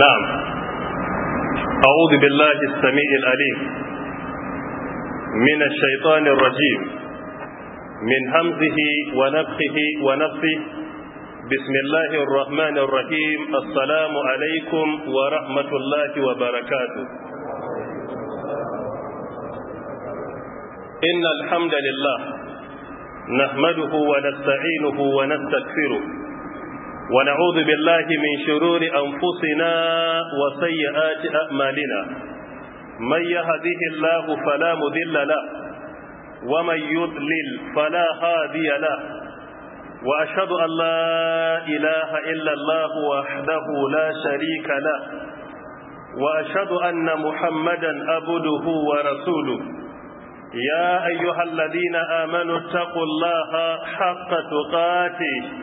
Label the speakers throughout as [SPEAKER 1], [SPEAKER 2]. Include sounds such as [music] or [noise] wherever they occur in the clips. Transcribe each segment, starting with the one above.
[SPEAKER 1] نعم أعوذ بالله السميع العليم من الشيطان الرجيم من همزه ونفخه ونفخه بسم الله الرحمن الرحيم السلام عليكم ورحمة الله وبركاته إن الحمد لله نحمده ونستعينه ونستغفره ونعوذ بالله من شرور أنفسنا وسيئات أعمالنا من يهده الله فلا مذل له ومن يضلل فلا هادي له وأشهد أن لا إله إلا الله وحده لا شريك له وأشهد أن محمدا أبده ورسوله يا أيها الذين آمنوا اتقوا الله حق تقاته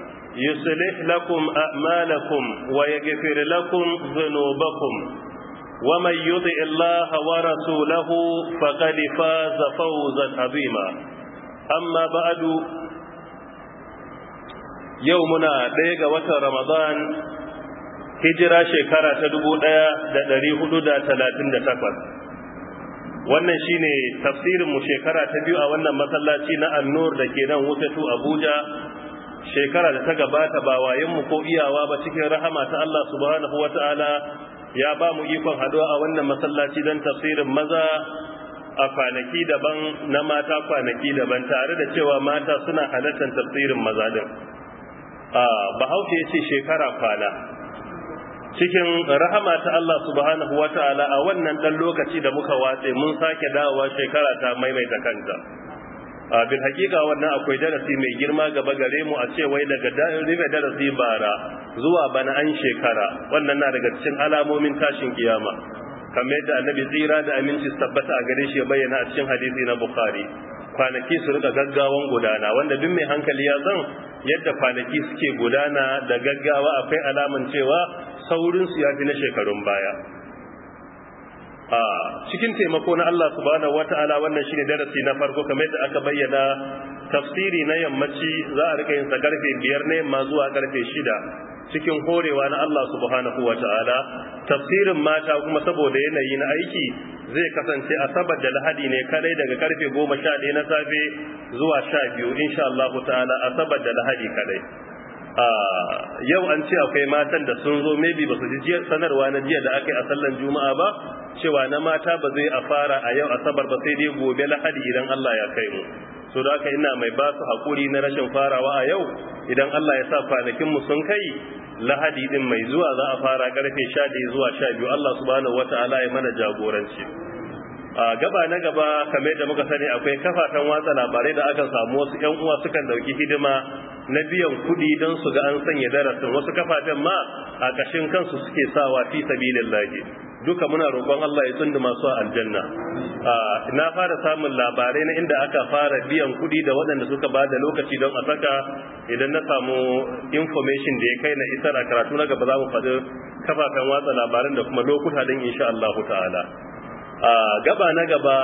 [SPEAKER 1] يصلح لكم أعمالكم ويغفر لكم ذنوبكم ومن يطع الله ورسوله فقد فاز فوزا عظيما أما بعد يومنا ديغا وتر رمضان هجرة شكرة تدبودا دريه دا تلاتين ثلاثين تقوى wannan shine tafsirin mu shekara ta biyu a wannan masallaci na annur da ke nan wutatu abuja shekara da ta gabata ba wayenmu ko iyawa ba cikin rahama ta Allah subhanahu wata'ala ya ba mu ikon haduwa a wannan masallaci don tafsirin maza a kwanaki daban na mata kwanaki daban tare da cewa mata suna halartar tafsirin maza din bahaushe ya ce shekara kwana cikin rahama ta Allah subhanahu Ta'ala a wannan dan lokaci da muka watse mun sake dawowa shekara ta maimaita kanta bil hakika wannan akwai darasi mai girma gaba gare mu a ce wai daga rufe darasi bara zuwa bana an shekara wannan na daga cikin alamomin tashin kiyama kamar yadda annabi tsira da aminci tabbata a gare shi ya bayyana a cikin hadisi na bukhari kwanaki su rika gaggawan gudana wanda duk mai hankali ya zan yadda kwanaki suke gudana da gaggawa akwai alaman cewa saurinsu ya fi na shekarun baya a cikin taimako na Allah subhanahu wata'ala wannan shine darasi na farko kamar yadda aka bayyana tafsiri na yammaci za a rika yin sa karfe biyar ne, ma zuwa karfe shida cikin horewa na Allah subhanahu wata'ala tafsirin mata kuma saboda yanayi na aiki zai kasance asabar da lahadi ne kadai daga karfe goma sha ɗaya na safe zuwa sha biyu insha Allah ta'ala asabar da lahadi kadai yau an ce akwai matan da sun zo maybe ba su ji sanarwa na jiya da aka yi a sallan juma'a ba cewa na mata ba zai a fara a yau asabar ba sai dai gobe lahadi idan Allah ya kai mu so da haka ina mai ba su hakuri na rashin farawa a yau idan Allah ya sa kwanakin mu sun kai lahadi din mai zuwa za a fara karfe 11 zuwa 12 Allah subhanahu wataala ya mana jagoranci a gaba na gaba kamar da muka sani akwai kafafen watsa labarai da aka samu wasu yan uwa sukan dauki hidima na biyan kuɗi don su ga an sanya darasin wasu kafafen ma a ƙashin kansu suke sawa fi sabilin lagi duka muna roƙon Allah ya tsundu masu a aljanna na fara samun labarai na inda aka fara biyan kuɗi da waɗanda suka ba da lokaci don a saka idan na samu information da ya kai na isar a karatu na gaba za mu faɗi kafafen watsa labaran da kuma lokuta don insha Allah ta'ala gaba na gaba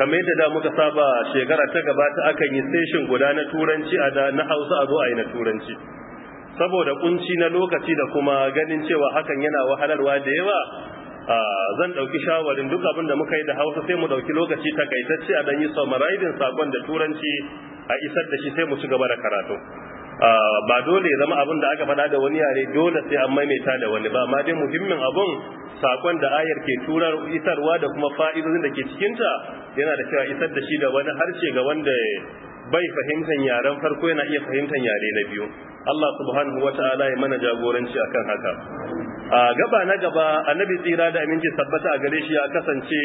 [SPEAKER 1] kamar yadda da muka saba shekara ta gabata akan yi station guda na turanci a da na hausa a zo a yi na turanci saboda kunci na lokaci da kuma ganin cewa hakan yana wahalarwa da yawa zan ɗauki shawarin duk abin da muka yi da hausa sai mu ɗauki lokaci takaitacce a dan yi summarizing sakon da turanci a isar da shi sai mu ci gaba da karatu Ah, ba dole ya zama abin da aka faɗa da wani yare dole sai an maimaita da wani ba ma dai muhimmin abun sakon da ayar ke turar isarwa da kuma fa'idodin da ke cikinta yana da cewa isar da shi da wani harshe ga wanda bai fahimtar yaren farko yana iya fahimtar yare na biyu Allah subhanahu wata'ala ya mana jagoranci akan haka a gaba na gaba annabi tsira da aminci sabbata a gare shi ya kasance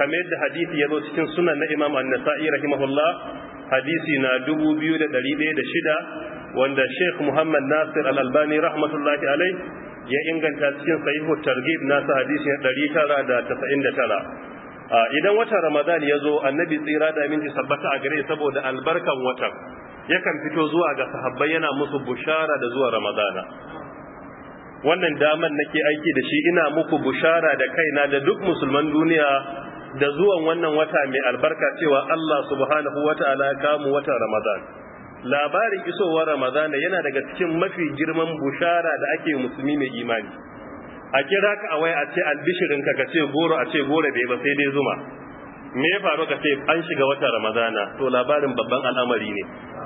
[SPEAKER 1] kamar da hadisi ya zo cikin sunan na Imam An-Nasa'i rahimahullah hadisi na 2106 wanda Sheikh Muhammad Nasir Al-Albani rahmatullahi alai ya inganta cikin sahihu targhib nasa hadisi na 999 idan watan Ramadan ya zo annabi tsira da minti sabbata a gare saboda albarkan watan yakan fito zuwa ga sahabbai yana musu bushara da zuwa Ramadana wannan daman nake aiki da shi ina muku bushara da kaina da duk musulman duniya da zuwan wannan wata mai albarka cewa Allah subhanahu wata'ala ya kamu watan Ramadan labarin isowar Ramadana yana daga cikin mafi girman bushara da ake musulmi mai imani a kira ka a waya a ce albishirin ka ka ce goro a ce goro bai ba sai dai zuma me ya faru ka ce an shiga wata Ramadana to labarin babban al'amari ne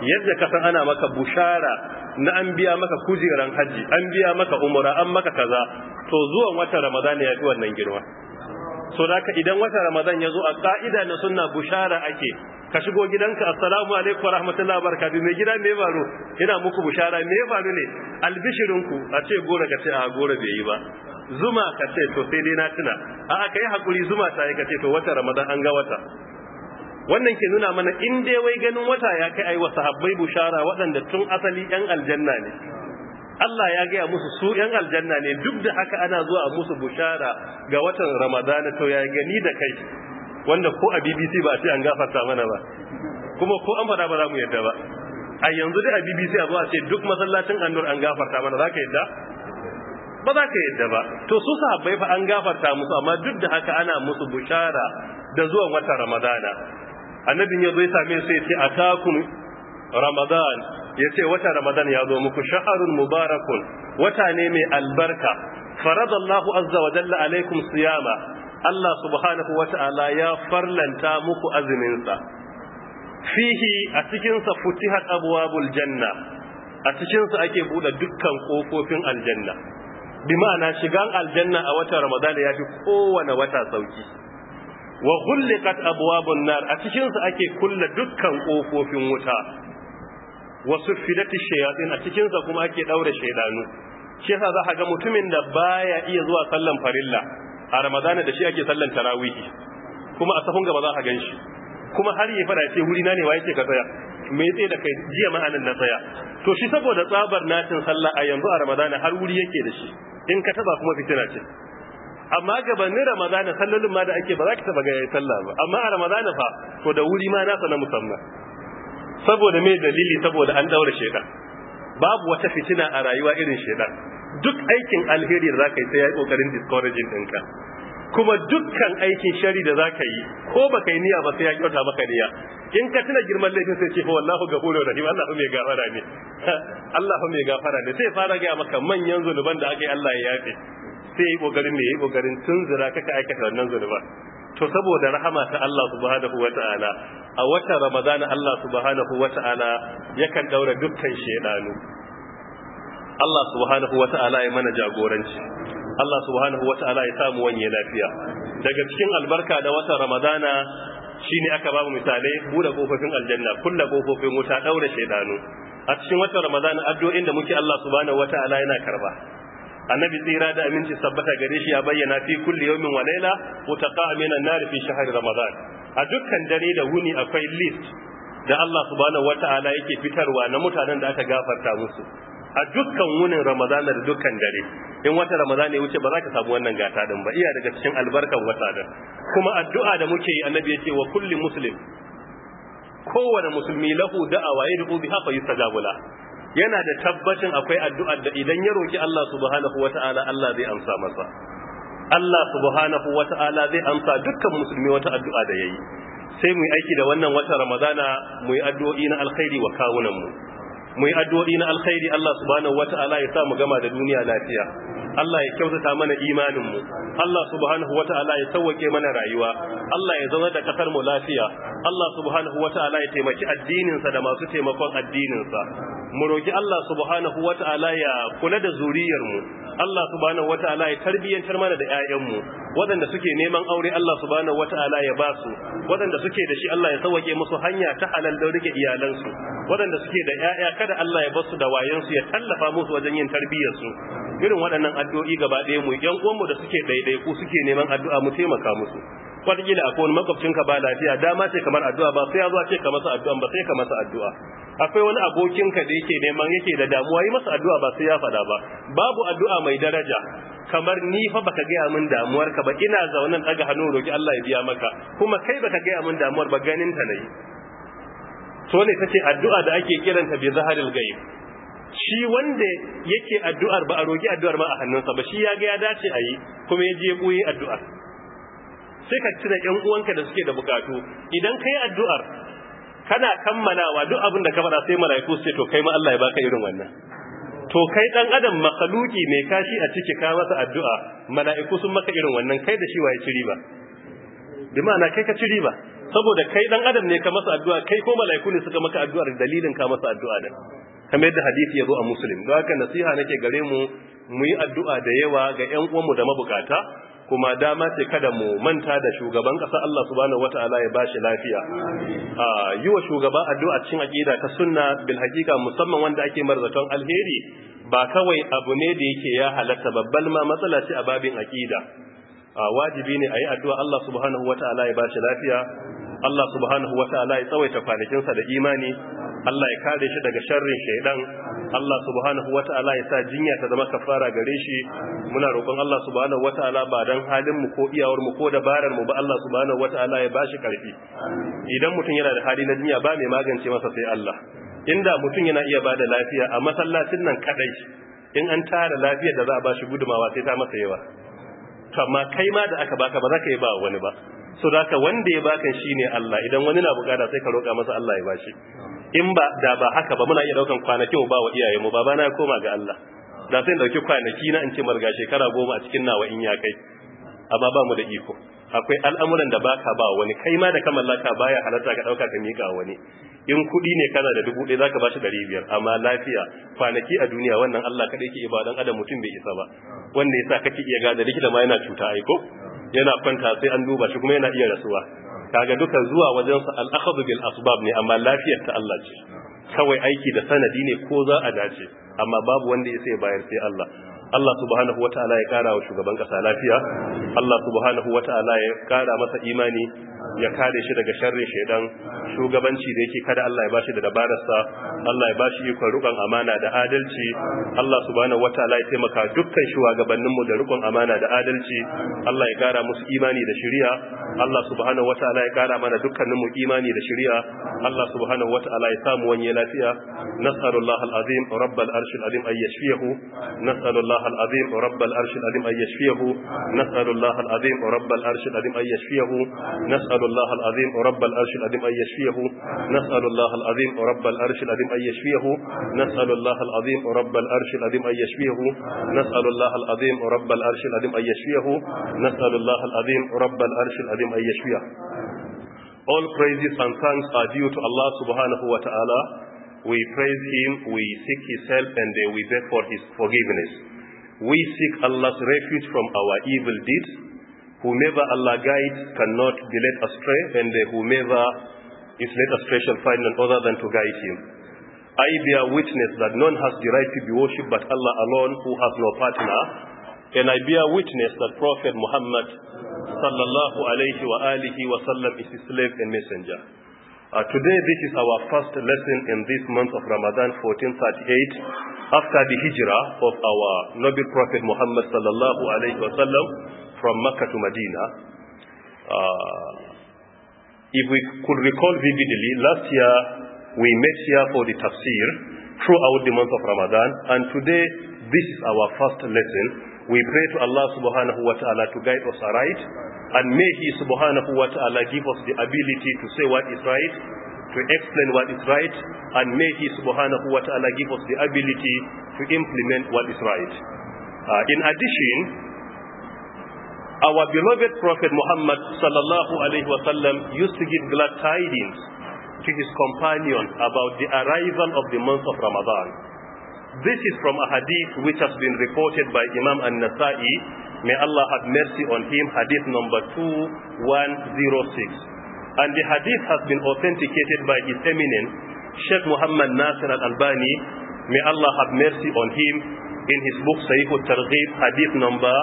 [SPEAKER 1] yadda ka san ana maka bushara na an biya maka kujeran haji an biya maka umra an maka kaza to zuwan watan Ramadana ya fi wannan girma so ka idan wata ramadan ya zo a ka'ida na sunna bushara ake ka shigo gidanka assalamu alaikum wa rahmatullahi barakatuh mai gida me baro ina muku bushara me faru ne albishirinku a ce gora ka ce a gora bai yi ba zuma ka ce to sai dai na tuna a aka yi hakuri zuma ta yi ka ce to wata ramadan an ga wata wannan ke nuna mana in dai wai ganin wata ya kai ai wa sahabbai bushara waɗanda tun asali yan aljanna ne Allah ya gaya musu su ‘yan aljanna ne duk da haka ana zuwa a musu bushara ga watan Ramadana to ya gani da kai wanda ko a BBC ba a ce an gafarta mana ba kuma ko an fada ba za mu yadda ba a yanzu dai a BBC a zuwa ce duk masallacin annur an gafarta mana za ka yadda ba za ka yadda ba to su sahabbai fa an gafarta musu amma duk da haka ana musu bushara da zuwan watan Ramadana annabin ya zo ya same su ya ce atakun Ramadan ya ce wata ramadan ya zo muku sha'arun mubarakun wata ne mai albarka Farazallahu azza wa jalla alaikum siyama Allah subhanahu wa ta'ala ya farlanta muku azuminsa fihi a cikinsa futihat abwabul janna a cikinsa ake buɗe dukkan ƙofofin aljanna bi ma'ana shigan aljanna a watan ramadan ya fi kowane wata sauki wa ghulliqat abwabun nar a cikinsa ake kulle dukkan ƙofofin wuta wasu fidati shayatin a cikinsa kuma ake ɗaure shaidanu shi yasa za ka ga mutumin da baya iya zuwa sallan farilla a ramadana da shi ake sallan tarawihi kuma a safin gaba za ka gan shi kuma har ya fara ce wuri na ne wa ce ka tsaya me tsaye da kai jiya anan na tsaya to shi saboda tsabar nacin sallah a yanzu a ramadana har wuri yake da shi in ka taba kuma fitina ce amma gabanin ramadana sallolin ma da ake ba za ka taba ga yayi sallah ba amma a ramadana fa to da wuri ma na na musamman saboda mai dalili saboda an daura shedan babu wata fitina a rayuwa irin shedan duk aikin alheri da zaka yi sai ya yi kokarin discouraging ɗinka kuma dukkan aikin shari da zaka yi ko baka yi niyya ba sai ya kyauta maka niyya in ka tuna girman laifin sai ce fa wallahu ghafurur rahim Allah mai gafara ne [laughs] Allah mai gafara ne sai fara ga maka manyan zunuban da aka yi Allah ya yafe sai yi kokarin ne yi kokarin tunzura kaka aikata wannan zunuban to saboda rahama ta Allah subhanahu wataala a watan Ramadana Allah subhanahu wata'ala yakan daura dukkan shedanu Allah subhanahu wata'ala ya mana jagoranci Allah subhanahu wata'ala ya samu wanye lafiya daga cikin albarka da watan Ramadana shine aka babu misalai buɗe kofofin aljanna kulle kofofin wuta daura shedanu a cikin watan Ramadana addu'o'in da muke Allah subhanahu wata'ala yana karba annabi tsira da aminci sabbata gare shi ya bayyana fi kulli yawmin wa layla mutaqa minan nar fi shahri ramadan a dukkan dare da wuni akwai list da Allah subhanahu wata'ala yake fitarwa na mutanen da aka gafarta musu a dukkan wunin ramadana da dukkan dare in wata ramadana ya wuce ba za ka samu wannan gata din ba iya daga cikin albarkan wata da kuma addu'a da muke yi annabi ya ce wa kulli muslim kowane musulmi lahu da'awa ya biha fa yustajabu yana da tabbacin akwai addu'ar da idan ya roki Allah subhanahu wata'ala Allah zai amsa masa Allah subhanahu wata'ala zai amsa dukkan musulmi wata addu'a da yayi sai mu yi aiki da wannan wata ramadana mu yi addu'o'i na alkhairi wa kawunan mu mu yi addu'o'i na alkhairi Allah subhanahu wata'ala ya sa mu gama da duniya lafiya Allah ya kyautata mana imanin mu Allah subhanahu wata'ala ya sauke mana rayuwa Allah ya zauna da kasar mu lafiya Allah subhanahu wata'ala ya taimaki addinin sa da masu taimakon addinin sa mu roki Allah subhanahu wata'ala ya kula da zuriyarmu. mu Allah subhanahu wata'ala ya tarbiyyantar mana da ƴaƴan mu waɗanda suke neman aure Allah subhanahu wata'ala ya ba su waɗanda suke da shi Allah ya sauke musu hanya ta halal da rike iyalansu waɗanda suke da ƴaƴa kada Allah ya basu da wayansu ya tallafa musu wajen yin tarbiyyarsu. su irin waɗannan addu'o'i gaba ɗaya mu ƴan uwanmu da suke daidai suke neman addu'a mu taimaka musu wataƙila akwai wani makwabcinka ba lafiya dama ce kamar addu'a ba sai ya zo ce ka masa addu'a ba sai ka masa addu'a akwai wani abokinka da yake neman yake da damuwa yi masa addu'a ba sai ya faɗa ba babu addu'a mai daraja kamar ni fa baka gaya min damuwar ka ba ina zaunan daga hannu roki Allah ya biya maka kuma kai baka gaya min damuwar ba ganin ta nayi to ne tace addu'a da ake kiranta bi zaharil ghaib shi wanda yake addu'ar ba a roki addu'ar ma a hannunsa ba shi ya ga ya dace a yi kuma ya je koyi addu'ar sai ka cire ƴan uwanka da suke da bukatu idan kai addu'ar kana kammalawa duk abin da ka faɗa sai mala'iku su ce to kai ma Allah ya baka irin wannan to kai dan adam makaluki mai kashi a ciki ka masa addu'a mala'iku sun maka irin wannan kai da shi waye ciri ba. bi ma'ana kai ka ciri ba saboda kai dan adam ne ka masa addu'a kai ko mala'iku ne suka maka addu'ar dalilin ka masa addu'a da kamar yadda hadisi ya zo a muslim don haka nasiha nake gare mu mu yi addu'a da yawa ga ƴan uwanmu da mabukata kuma dama ce kada mu manta da shugaban kasa Allah subhanahu wataala ya bashi lafiya ah, yi wa shugaba addu'a cikin aqida ta sunna bil hakika musamman wanda ake marzaton alheri ba kawai abu ne da yake ya halatta babbal ma matsala ce a babin aqida ah, wajibi ne a yi addu'a Allah subhanahu wataala ya bashi lafiya Allah subhanahu wataala ya tsawaita kwanakinsa da imani Allah ya kare shi daga sharrin shaidan Allah subhanahu ta'ala ya sa jinya ta zama kafara gare shi muna roƙon Allah subhanahu ta'ala ba dan halin mu ko iyawar mu ko dabarar mu ba Allah subhanahu ta'ala ya bashi karfi idan mutum yana da hali na jinya ba mai magance masa sai Allah inda mutum yana iya bada lafiya a masallacin nan kadai in an tara lafiya da za a bashi gudumawa sai ta masa yawa kama kai ma da aka baka ba za ka yi ba wani ba so da wanda ya shi shine Allah idan wani na bukata sai ka roƙa masa Allah ya bashi in ba da ba haka ba muna iya daukan kwanakin mu ba wa iyaye mu baba na koma ga Allah da sai dauki kwanaki na in ce marga shekara goma a cikin nawa in ya kai amma ba mu da iko akwai al'amuran da baka ba wani kai ma da ka baya halatta ka dauka ka mika wani in kudi ne kana da dubu ɗaya zaka bashi ɗari biyar amma lafiya kwanaki a duniya wannan Allah kaɗai yake ibadan adam mutum bai isa ba wanda yasa kake iya gada likita ma yana cuta aiko yana kwanta sai an duba shi kuma yana iya rasuwa kaga duka zuwa wajen sa al-akhadhu bil asbab ne amma lafiyar ta Allah ce kawai aiki da sanadi ne ko za a dace amma babu wanda ya sai bayar sai Allah Allah subhanahu wa ta'ala ya kara wa shugaban kasa lafiya Allah subhanahu wa ta'ala ya kara masa imani ya kare shi daga sharrin shaidan shugabanci da yake kada Allah ya bashi da dabararsa Allah ya bashi ikon rukun amana da adalci Allah subhanahu wataala ya taimaka dukkan shugabannin mu da rukun amana da adalci Allah ya kara musu imani da shari'a Allah subhanahu wataala ya kara mana dukkanin mu imani da shari'a Allah subhanahu wataala ya samu wani lafiya nas'alullah alazim rabbal arshil azim ay yashfihu nas'alullah alazim rabbal arshil azim ay yashfihu nas'alullah alazim rabbal arshil azim ay yashfihu نسأل الله العظيم رب العرش العظيم أن يشفيه نسأل الله العظيم رب العرش العظيم أن يشفيه نسأل الله العظيم رب العرش العظيم أن يشفيه نسأل الله العظيم رب العرش العظيم أن يشفيه نسأل الله العظيم رب العرش العظيم أن يشفيه All praises and thanks are due to Allah subhanahu wa ta'ala. We praise Him, we seek His help, and we beg for His forgiveness. We seek Allah's refuge from our evil deeds Whomever Allah guides cannot be led astray, and uh, whomever is led astray shall find none other than to guide him. I bear witness that none has the right to be worshipped but Allah alone, who has no partner. And I bear witness that Prophet Muhammad sallallahu alayhi wa alihi wa sallam is his slave and messenger. Uh, today, this is our first lesson in this month of Ramadan 1438, after the hijrah of our noble Prophet Muhammad sallallahu alayhi wa sallam, from Makkah to Medina, uh, if we could recall vividly, last year we met here for the tafsir throughout the month of Ramadan, and today this is our first lesson. We pray to Allah subhanahu wa ta'ala to guide us aright, and may He subhanahu wa ta'ala give us the ability to say what is right, to explain what is right, and may He subhanahu wa ta'ala give us the ability to implement what is right. Uh, in addition, our beloved Prophet Muhammad sallallahu alaihi wasallam used to give glad tidings to his companions about the arrival of the month of Ramadan. This is from a hadith which has been reported by Imam An-Nasa'i. May Allah have mercy on him. Hadith number 2106. And the hadith has been authenticated by His Eminence, Sheikh Muhammad Nasir al-Albani. May Allah have mercy on him in his book Sayyid al-Targhib, hadith number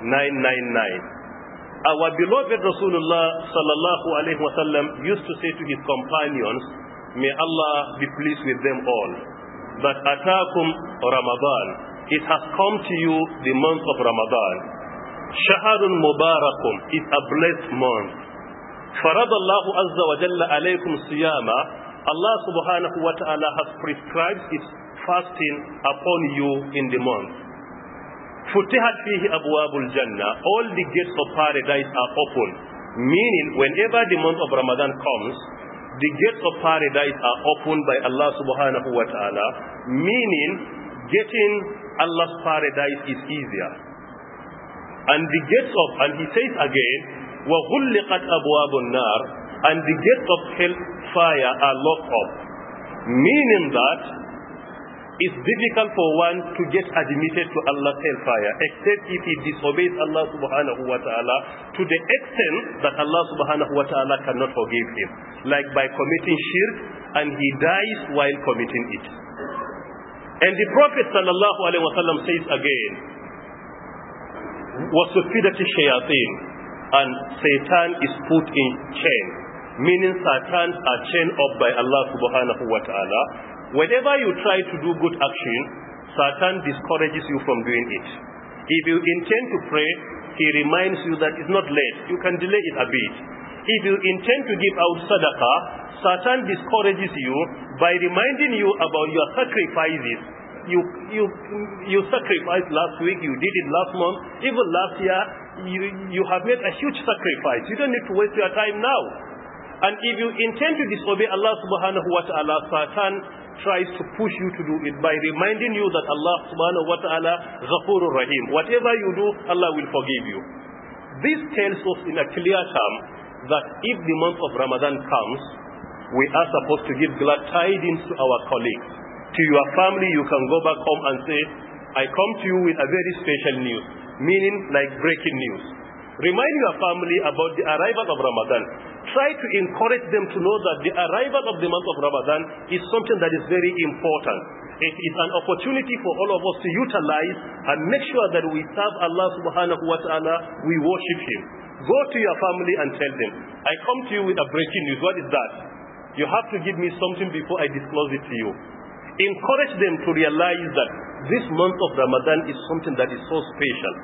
[SPEAKER 1] 999. Our beloved Rasulullah sallallahu alaihi wasallam used to say to his companions, may Allah be pleased with them all, that atakum Ramadan, it has come to you the month of Ramadan. Shaharun Mubarakum is a blessed month. Farad Allah Azza wa Jalla alaykum siyama. Allah subhanahu wa ta'ala has prescribed its fasting upon you in the month. Futihat fihi abwabul jannah. All the gates of paradise are open. Meaning, whenever the month of Ramadan comes, the gates of paradise are opened by Allah subhanahu wa ta'ala. Meaning, getting Allah's paradise is easier. And the gates of, and he says again, وَغُلِّقَتْ أَبْوَابُ النَّارِ And the gates of hell, fire are locked up. Meaning that it's difficult for one to get admitted to Allah's hellfire except if he disobeys Allah subhanahu wa ta'ala to the extent that Allah subhanahu wa ta'ala cannot forgive him. Like by committing shirk and he dies while committing it. And the Prophet sallallahu alayhi wa sallam says again, وَسُفِدَةِ الشَّيَاطِينَ And Satan is put in chain meaning satans are chained up by Allah subhanahu wa ta'ala Whenever you try to do good action, Satan discourages you from doing it. If you intend to pray, he reminds you that it's not late. You can delay it a bit. If you intend to give out sadaqah, Satan discourages you by reminding you about your sacrifices. You, you, you sacrificed last week, you did it last month, even last year, you, you have made a huge sacrifice. You don't need to waste your time now. And if you intend to disobey Allah subhanahu wa ta'ala, Satan tries to push you to do it by reminding you that Allah subhanahu wa ta'ala Ghafurur Rahim. Whatever you do, Allah will forgive you. This tells us in a clear term that if the month of Ramadan comes, we are supposed to give glad tidings to our colleagues. To your family, you can go back home and say, I come to you with a very special news, meaning like breaking news. Remind your family about the arrival of Ramadan try to encourage them to know that the arrival of the month of Ramadan is something that is very important. It is an opportunity for all of us to utilize and make sure that we serve Allah subhanahu wa ta'ala, we worship Him. Go to your family and tell them, I come to you with a breaking news. What is that? You have to give me something before I disclose it to you. Encourage them to realize that this month of Ramadan is something that is so special.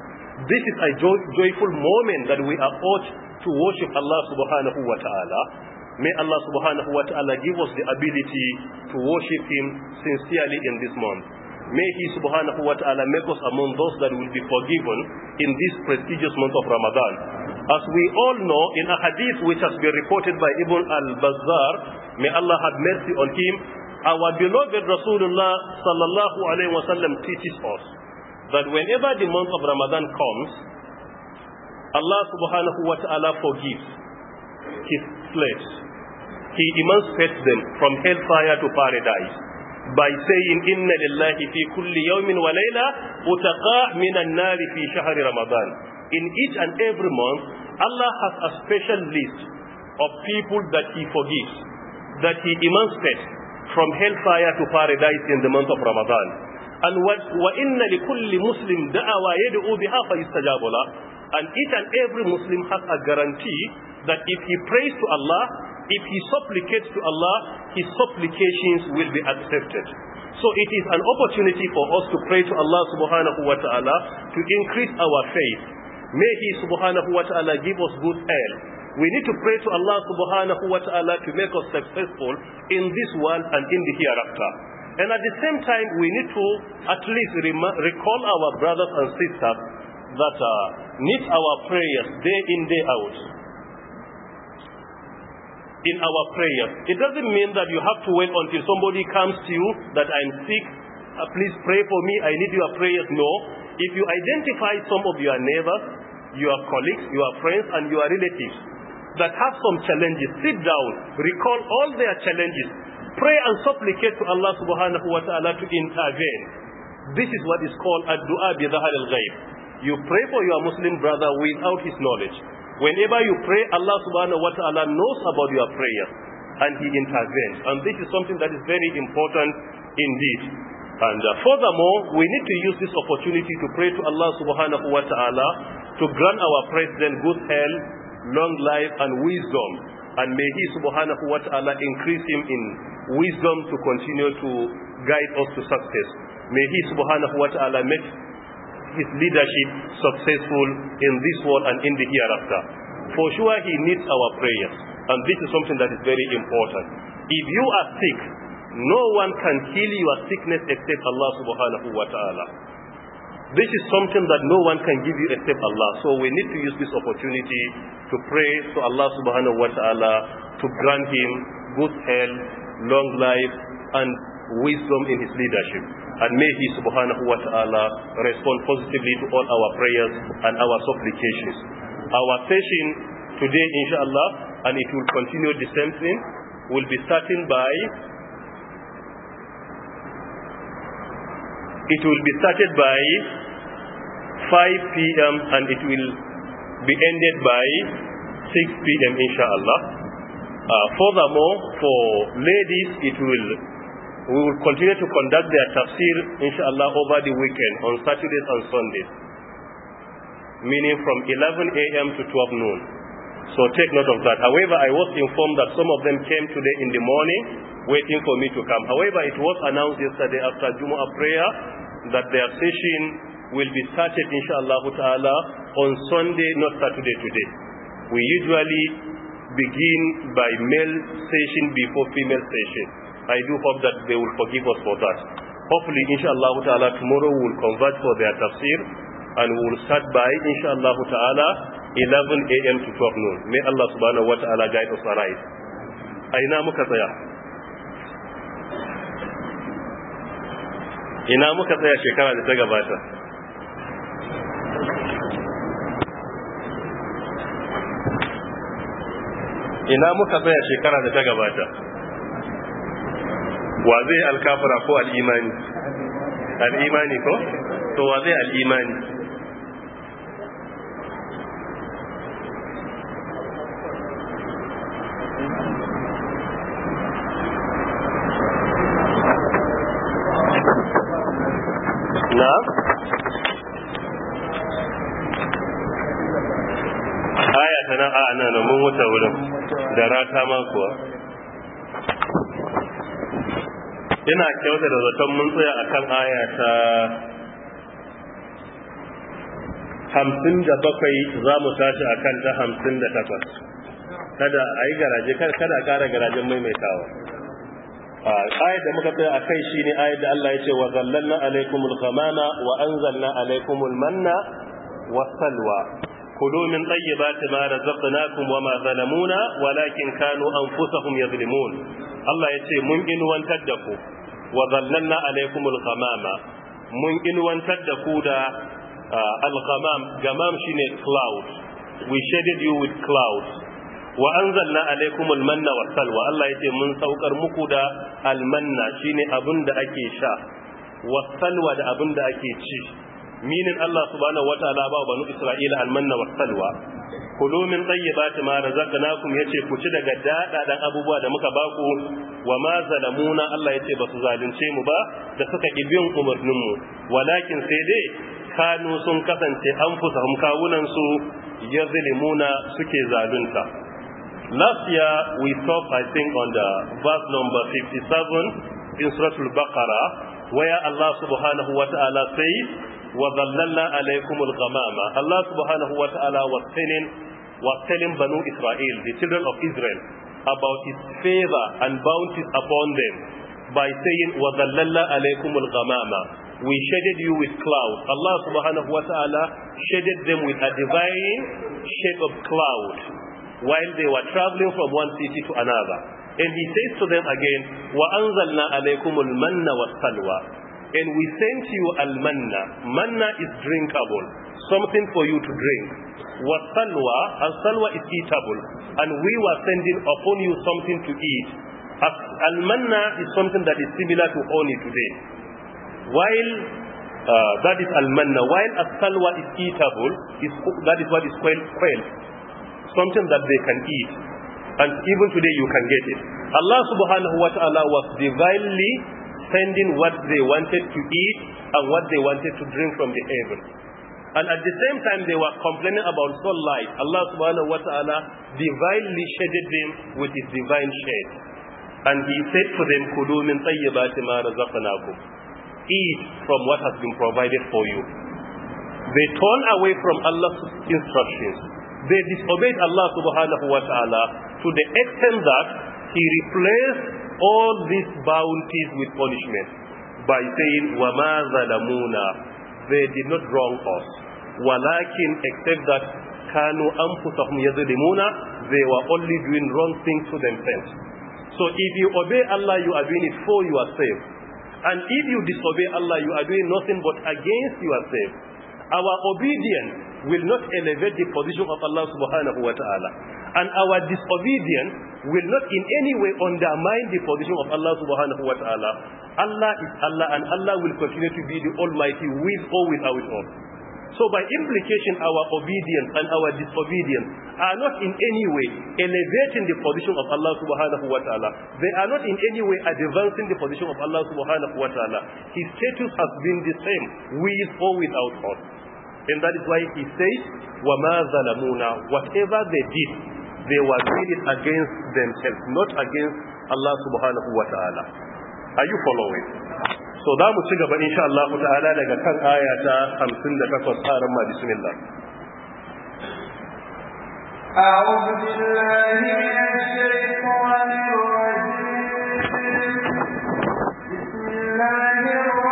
[SPEAKER 1] This is a joy, joyful moment that we are urged to worship Allah subhanahu wa ta'ala. May Allah subhanahu wa ta'ala give us the ability to worship Him sincerely in this month. May He subhanahu wa ta'ala make us among those that will be forgiven in this prestigious month of Ramadan. As we all know, in a hadith which has been reported by Ibn al-Bazzar, may Allah have mercy on him, our beloved Rasulullah sallallahu alayhi wa sallam teaches us that whenever the month of Ramadan comes, Allah subhanahu wa ta'ala forgives his slaves. He emancipates them from hellfire to paradise by saying, Inna lillahi fi kulli yawmin wa layla utaqa minan nari fi shahri Ramadan. In each and every month, Allah has a special list of people that He forgives, that He emancipates from hellfire to paradise in the month of Ramadan. And what? وَإِنَّ لِكُلِّ مُسْلِمٍ دَعَوَى يَدْعُو بِهَا فَيُسْتَجَابُ لَهُ and each and every Muslim has a guarantee that if he prays to Allah, if he supplicates to Allah, his supplications will be accepted. So it is an opportunity for us to pray to Allah subhanahu wa ta'ala to increase our faith. May He subhanahu wa ta'ala give us good health. We need to pray to Allah subhanahu wa ta'ala to make us successful in this world and in the hereafter. And at the same time, we need to at least recall our brothers and sisters that uh, need our prayers day in, day out. In our prayers. It doesn't mean that you have to wait until somebody comes to you that I'm sick, uh, please pray for me, I need your prayers. No. If you identify some of your neighbors, your colleagues, your friends, and your relatives that have some challenges, sit down, recall all their challenges, pray and supplicate to Allah subhanahu wa ta'ala to intervene. This is what is called ad-du'a bi al-ghayb you pray for your Muslim brother without his knowledge. Whenever you pray, Allah subhanahu wa ta'ala knows about your prayer and he intervenes. And this is something that is very important indeed. And uh, furthermore, we need to use this opportunity to pray to Allah subhanahu wa ta'ala to grant our president good health, long life, and wisdom. And may He subhanahu wa ta'ala increase him in wisdom to continue to guide us to success. May He subhanahu wa ta'ala make his leadership successful in this world and in the hereafter. For sure, he needs our prayers, and this is something that is very important. If you are sick, no one can heal your sickness except Allah subhanahu wa ta'ala. This is something that no one can give you except Allah. So we need to use this opportunity to pray to Allah subhanahu wa ta'ala to grant him good health, long life, and wisdom in his leadership and may He subhanahu wa ta'ala respond positively to all our prayers and our supplications. Our session today, inshallah, and it will continue the same thing, will be starting by it will be started by 5 p.m. and it will be ended by 6 p.m. inshallah. Uh, furthermore, for ladies, it will we will continue to conduct their tafsir, inshallah, over the weekend on Saturdays and Sundays, meaning from 11 a.m. to 12 noon. So take note of that. However, I was informed that some of them came today in the morning waiting for me to come. However, it was announced yesterday after Jumu'ah prayer that their session will be started, inshallah ta'ala, on Sunday, not Saturday today. We usually begin by male session before female session. I do hope that they will forgive us for that. Hopefully, inshallah ta'ala, tomorrow we will convert for their tafsir and we will start by, inshallah ta'ala, 11 a.m. to 12 noon. May Allah subhanahu wa ta'ala guide us aright. Aina muka tsaya. Ina muka tsaya shekara da ta gabata. Ina muka tsaya shekara da ta gabata. wa zai alkafara ko al'imani al'imani ko to wa zai al'imani ina kyauta da zaton mun tsaya a kan aya ta hamsin da bakwai za mu tashi a kan ta hamsin da takwas kada a yi garaje kada a ƙara garajen maimaitawa ayat da muka tsaya a kai shi ne ayat da Allah ya ce wa zallanna al ghamama wa anzalna al manna wa salwa min كلوا من طيبات ما رزقناكم وما ظلمونا ولكن كانوا أنفسهم يظلمون الله يتي من da ku. wa zallanna al ghamama mun inuwantar da ku da al-ghamam gamam shine cloud we shaded you with clouds wa anzalna alaikumul manna wa salwa Allah yace mun saukar muku da al-manna shine abin da ake sha wa salwa da abin da ake ci minin Allah subhanahu wataala ba banu Isra'ila almanna wa salwa kulu min tayyibati ma razaqnakum yace ku ci daga dadadan abubuwa da muka baku wa ma zalamuna Allah yace ba su zalunce mu ba da suka ibin umarnin mu walakin sai dai kanu sun kasance an hum kawunan su yazlimuna suke zalunta last year we stopped i think on the verse number 57 in surah al-baqarah where Allah subhanahu wa ta'ala says wa zallalna alaykumul ghamama Allah subhanahu wa ta'ala was telling was telling Banu Israel the children of Israel about his favor and bounties upon them by saying wa zallalna alaykumul ghamama we shaded you with cloud Allah subhanahu wa ta'ala shaded them with a divine shape of cloud while they were traveling from one city to another and he says to them again wa anzalna alaykumul manna was And we sent you al-manna. Manna is drinkable, something for you to drink. Wasalwa, and salwa is eatable. And we were sending upon you something to eat. Al-manna is something that is similar to honey today. While uh, that is al-manna, while as-salwa is eatable, is, that is what is quail, quail, something that they can eat. And even today you can get it. Allah subhanahu wa ta'ala was divinely sending what they wanted to eat and what they wanted to drink from the heaven. And at the same time, they were complaining about sunlight. Allah subhanahu wa ta'ala divinely shaded them with His divine shade. And He said to them, Kudu min ma razaqnakum. Eat from what has been provided for you. They turned away from Allah's instructions. They disobeyed Allah subhanahu wa ta'ala to the extent that He replaced all these bounties with punishment by saying, وَمَا ظَلَمُونَ They did not wrong us. وَلَكِنْ Except that Kanu أَنفُسَهُمْ They were only doing wrong things to themselves. So if you obey Allah, you are doing it for yourself. And if you disobey Allah, you are doing nothing but against yourself. Our obedience will not elevate the position of Allah subhanahu wa ta'ala and our disobedience will not in any way undermine the position of Allah subhanahu wa ta'ala. Allah is Allah and Allah will continue to be the Almighty with or without us. So by implication, our obedience and our disobedience are not in any way elevating the position of Allah subhanahu wa ta'ala. They are not in any way advancing the position of Allah subhanahu wa ta'ala. His status has been the same, with or without us. And that is why he says, وَمَا ظَلَمُونَا Whatever they did, they were doing it against themselves, not against Allah subhanahu wa ta'ala. Are you following? So za mu ci gaba insha Allah ta'ala daga kan aya ta 58 tsarin ma bismillah.
[SPEAKER 2] أعوذ بالله من الشيطان الرجيم بسم الله الرحمن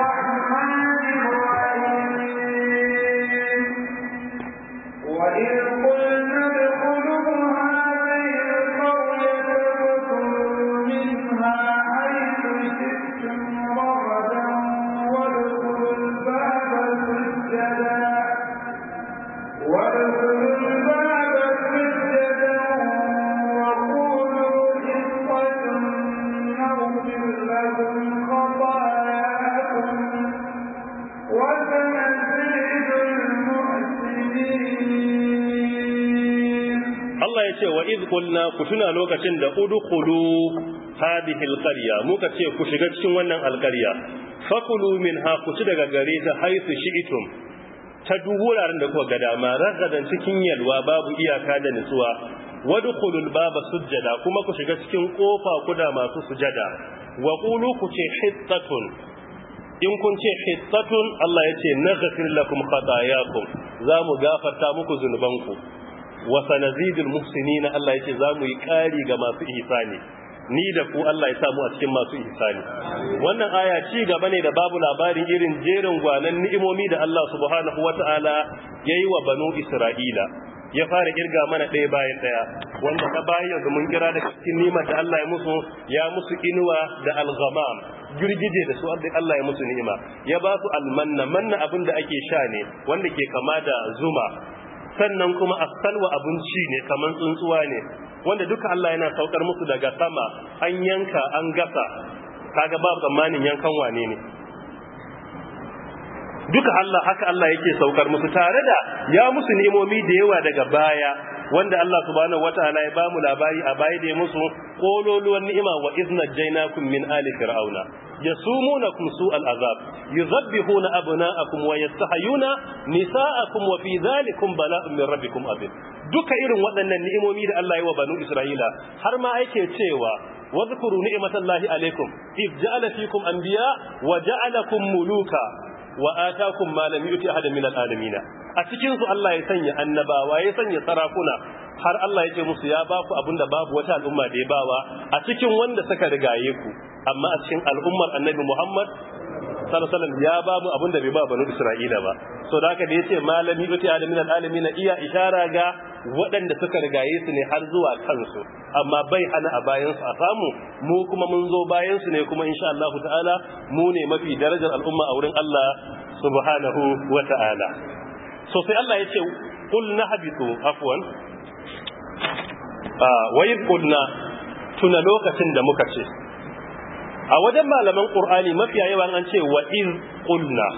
[SPEAKER 1] qulna ku tuna lokacin da udkhulu hadhihi alqarya muka ce ku shiga cikin wannan alqarya fakulu minha ku ci daga gare ta haythu shi'tum ta duk da kuka ga dama ragadan cikin yalwa babu iyaka da nutsuwa wadkhulu baba sujada kuma ku shiga cikin kofa kuda masu sujada wa qulu ku ce hittatun in kun ce hittatun Allah yace naghfir lakum khatayakum za mu gafarta muku zunubanku wa sanazidul na Allah yace za mu yi ƙari ga masu ihsani ni da ku Allah ya samu a cikin masu ihsani wannan aya ci gaba ne da babu labarin irin jerin gwanan ni'imomi da Allah subhanahu ya yayi wa banu Isra'ila ya fara kirga mana ɗaya bayan ɗaya wanda ta bayan yanzu mun kira daga cikin nimar da Allah ya musu ya musu inuwa da alghamam girgije da su abin Allah ya musu ni'ima ya ba su almanna manna abin da ake sha ne wanda ke kama da zuma sannan kuma asalwa abinci ne kaman tsuntsuwa ne wanda duka Allah yana saukar musu daga sama an yanka an gasa kaga babu tsammanin yankan wane ne duka Allah haka Allah yake saukar musu tare da ya musu nemomi da yawa daga baya wanda Allah subhanahu wataala ya ba mu labari a baya da musu kololuwan ni'ima wa iznajjainakum min ali fir'auna yasumunakum su'al azab yuzabbihuna abna'akum wa yastahayuna nisa'akum wa fi dhalikum bala'un min rabbikum azim duka irin waɗannan ni'imomi da Allah ya wa Isra'ila har ma yake cewa wadhkuru ni'matallahi alaikum id ja'ala fikum anbiya wa ja'alakum muluka wa atakum ma lam yuti ahadan min alalamin a cikin su Allah ya sanya annabawa ya sanya sarakuna har Allah ya ce musu ya baku abinda babu wata al'umma da ya bawa a cikin wanda suka rigaye ku amma a cikin al'ummar annabi Muhammad sallallahu ya ba mu abin da bai ba banu Isra'ila ba so da haka da yace malami bi alamin na iya ishara ga waɗanda suka rigaye su ne har zuwa kansu amma bai hana a bayan a samu mu kuma mun zo bayan ne kuma insha Allah ta'ala mu ne mafi darajar al'umma a wurin Allah subhanahu wa ta'ala so sai Allah yace qul nahbitu afwan ah, wa na? tuna lokacin da muka ce a wajen malaman qur'ani mafi yawan an ce wa iz qulna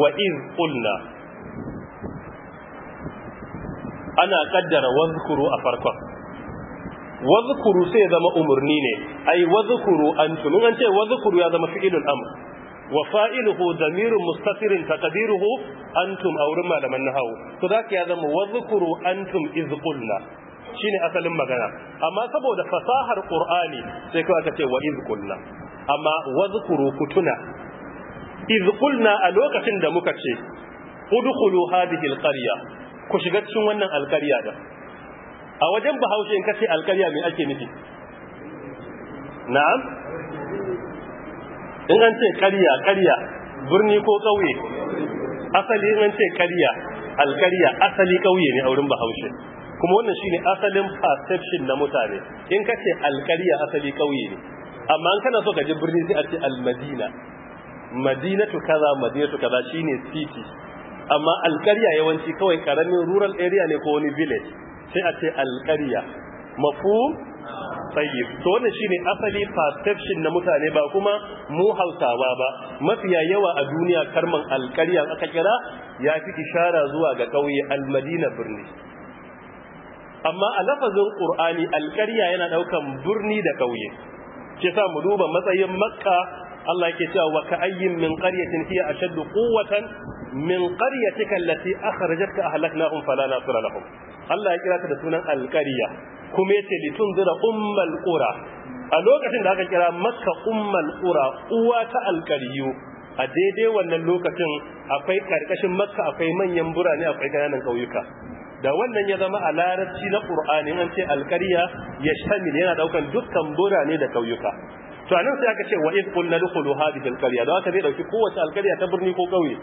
[SPEAKER 1] wa iz qulna ana kaddara wazkuru a farkon wazkuru sai zama umurni ne ai wazkuru Mun an ce wazkuru ya zama fi'ilul amr wa fa'iluhu damirun mustatirin taqdiruhu antum aurin malaman nahawu to zaka ya zama wazkuru antum iz qulna shine asalin magana amma saboda fasahar qur'ani sai kawai aka ce wa iz qulna amma wazkuru kutuna iz qulna a lokacin da muka ce udkhulu hadhihi alqarya ku shiga cikin wannan alqarya da a wajen bahaushe in kace alqarya me ake nufi na'am in an ce ƙarya ƙarya birni ko ƙauye asali in an ce ƙarya alqarya asali ƙauye ne a wurin bahaushe kuma wannan shine asalin perception na mutane in ka ce alƙarya asali ƙauye ne amma in kana so ka ji birni sai a ce almadina madinatu kaza madinatu kaza shine city amma alƙarya yawanci kawai karamin rural area ne ko wani village sai a ce alƙarya mafu tsayyib to wannan shine asali perception na mutane ba kuma mu hausawa ba mafiya yawa a duniya karman alƙarya aka kira ya fi ishara zuwa ga ƙauye almadina birni amma a lafazin ƙur'ani alƙarya yana ɗaukar birni da ƙauye. ke sa mu duba matsayin makka Allah ke cewa wa ka'ayyin min qaryatin hiya ashaddu quwwatan min qaryatika allati akhrajatka ahlaknahum fala nasira lahum Allah ya kira ta da sunan alqarya kuma yace litunzira ummal qura a lokacin da aka kira makka ummal qura uwa ta alqariyu a daidai wannan lokacin akwai karkashin makka akwai manyan burane akwai kananan kauyuka da wannan ya zama a larabci na ƙur'ani an ce ya yashtamil yana daukan dukkan birane da ƙauyuka. to anan sai aka ce wa id qulna dukhulu hadhihi alqarya da aka zai dauki kowace alqarya ta birni ko kauye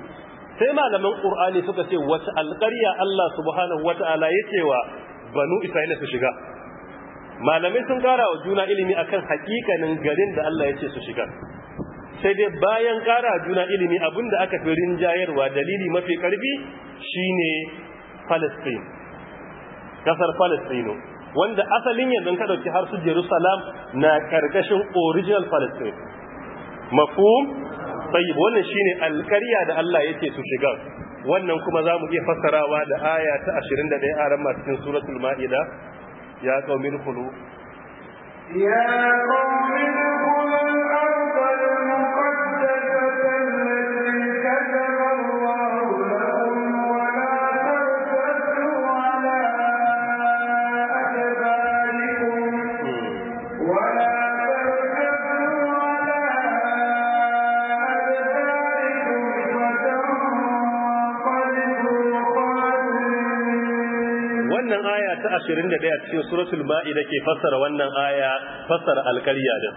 [SPEAKER 1] sai malaman qur'ani suka ce wata alqarya Allah subhanahu wataala yake wa banu isra'ila su shiga malamai sun kara wa juna ilimi akan hakikanin garin da Allah yake su shiga sai dai bayan kara juna ilimi abinda aka fi rinjayarwa dalili mafi karfi shine Palestine kasar Palestine wanda asalin yanzu ka dauki har su Jerusalem na karkashin original Palestine mafhum tayyib wannan shine alƙarya da Allah yake su shiga wannan kuma zamu iya fassarawa da aya ta 21 a ran cikin suratul maida ya qaumin hulu. ya qaumin 21 ɗaya cikin suratul ma'ida ke fassara wannan aya fassara alkarya din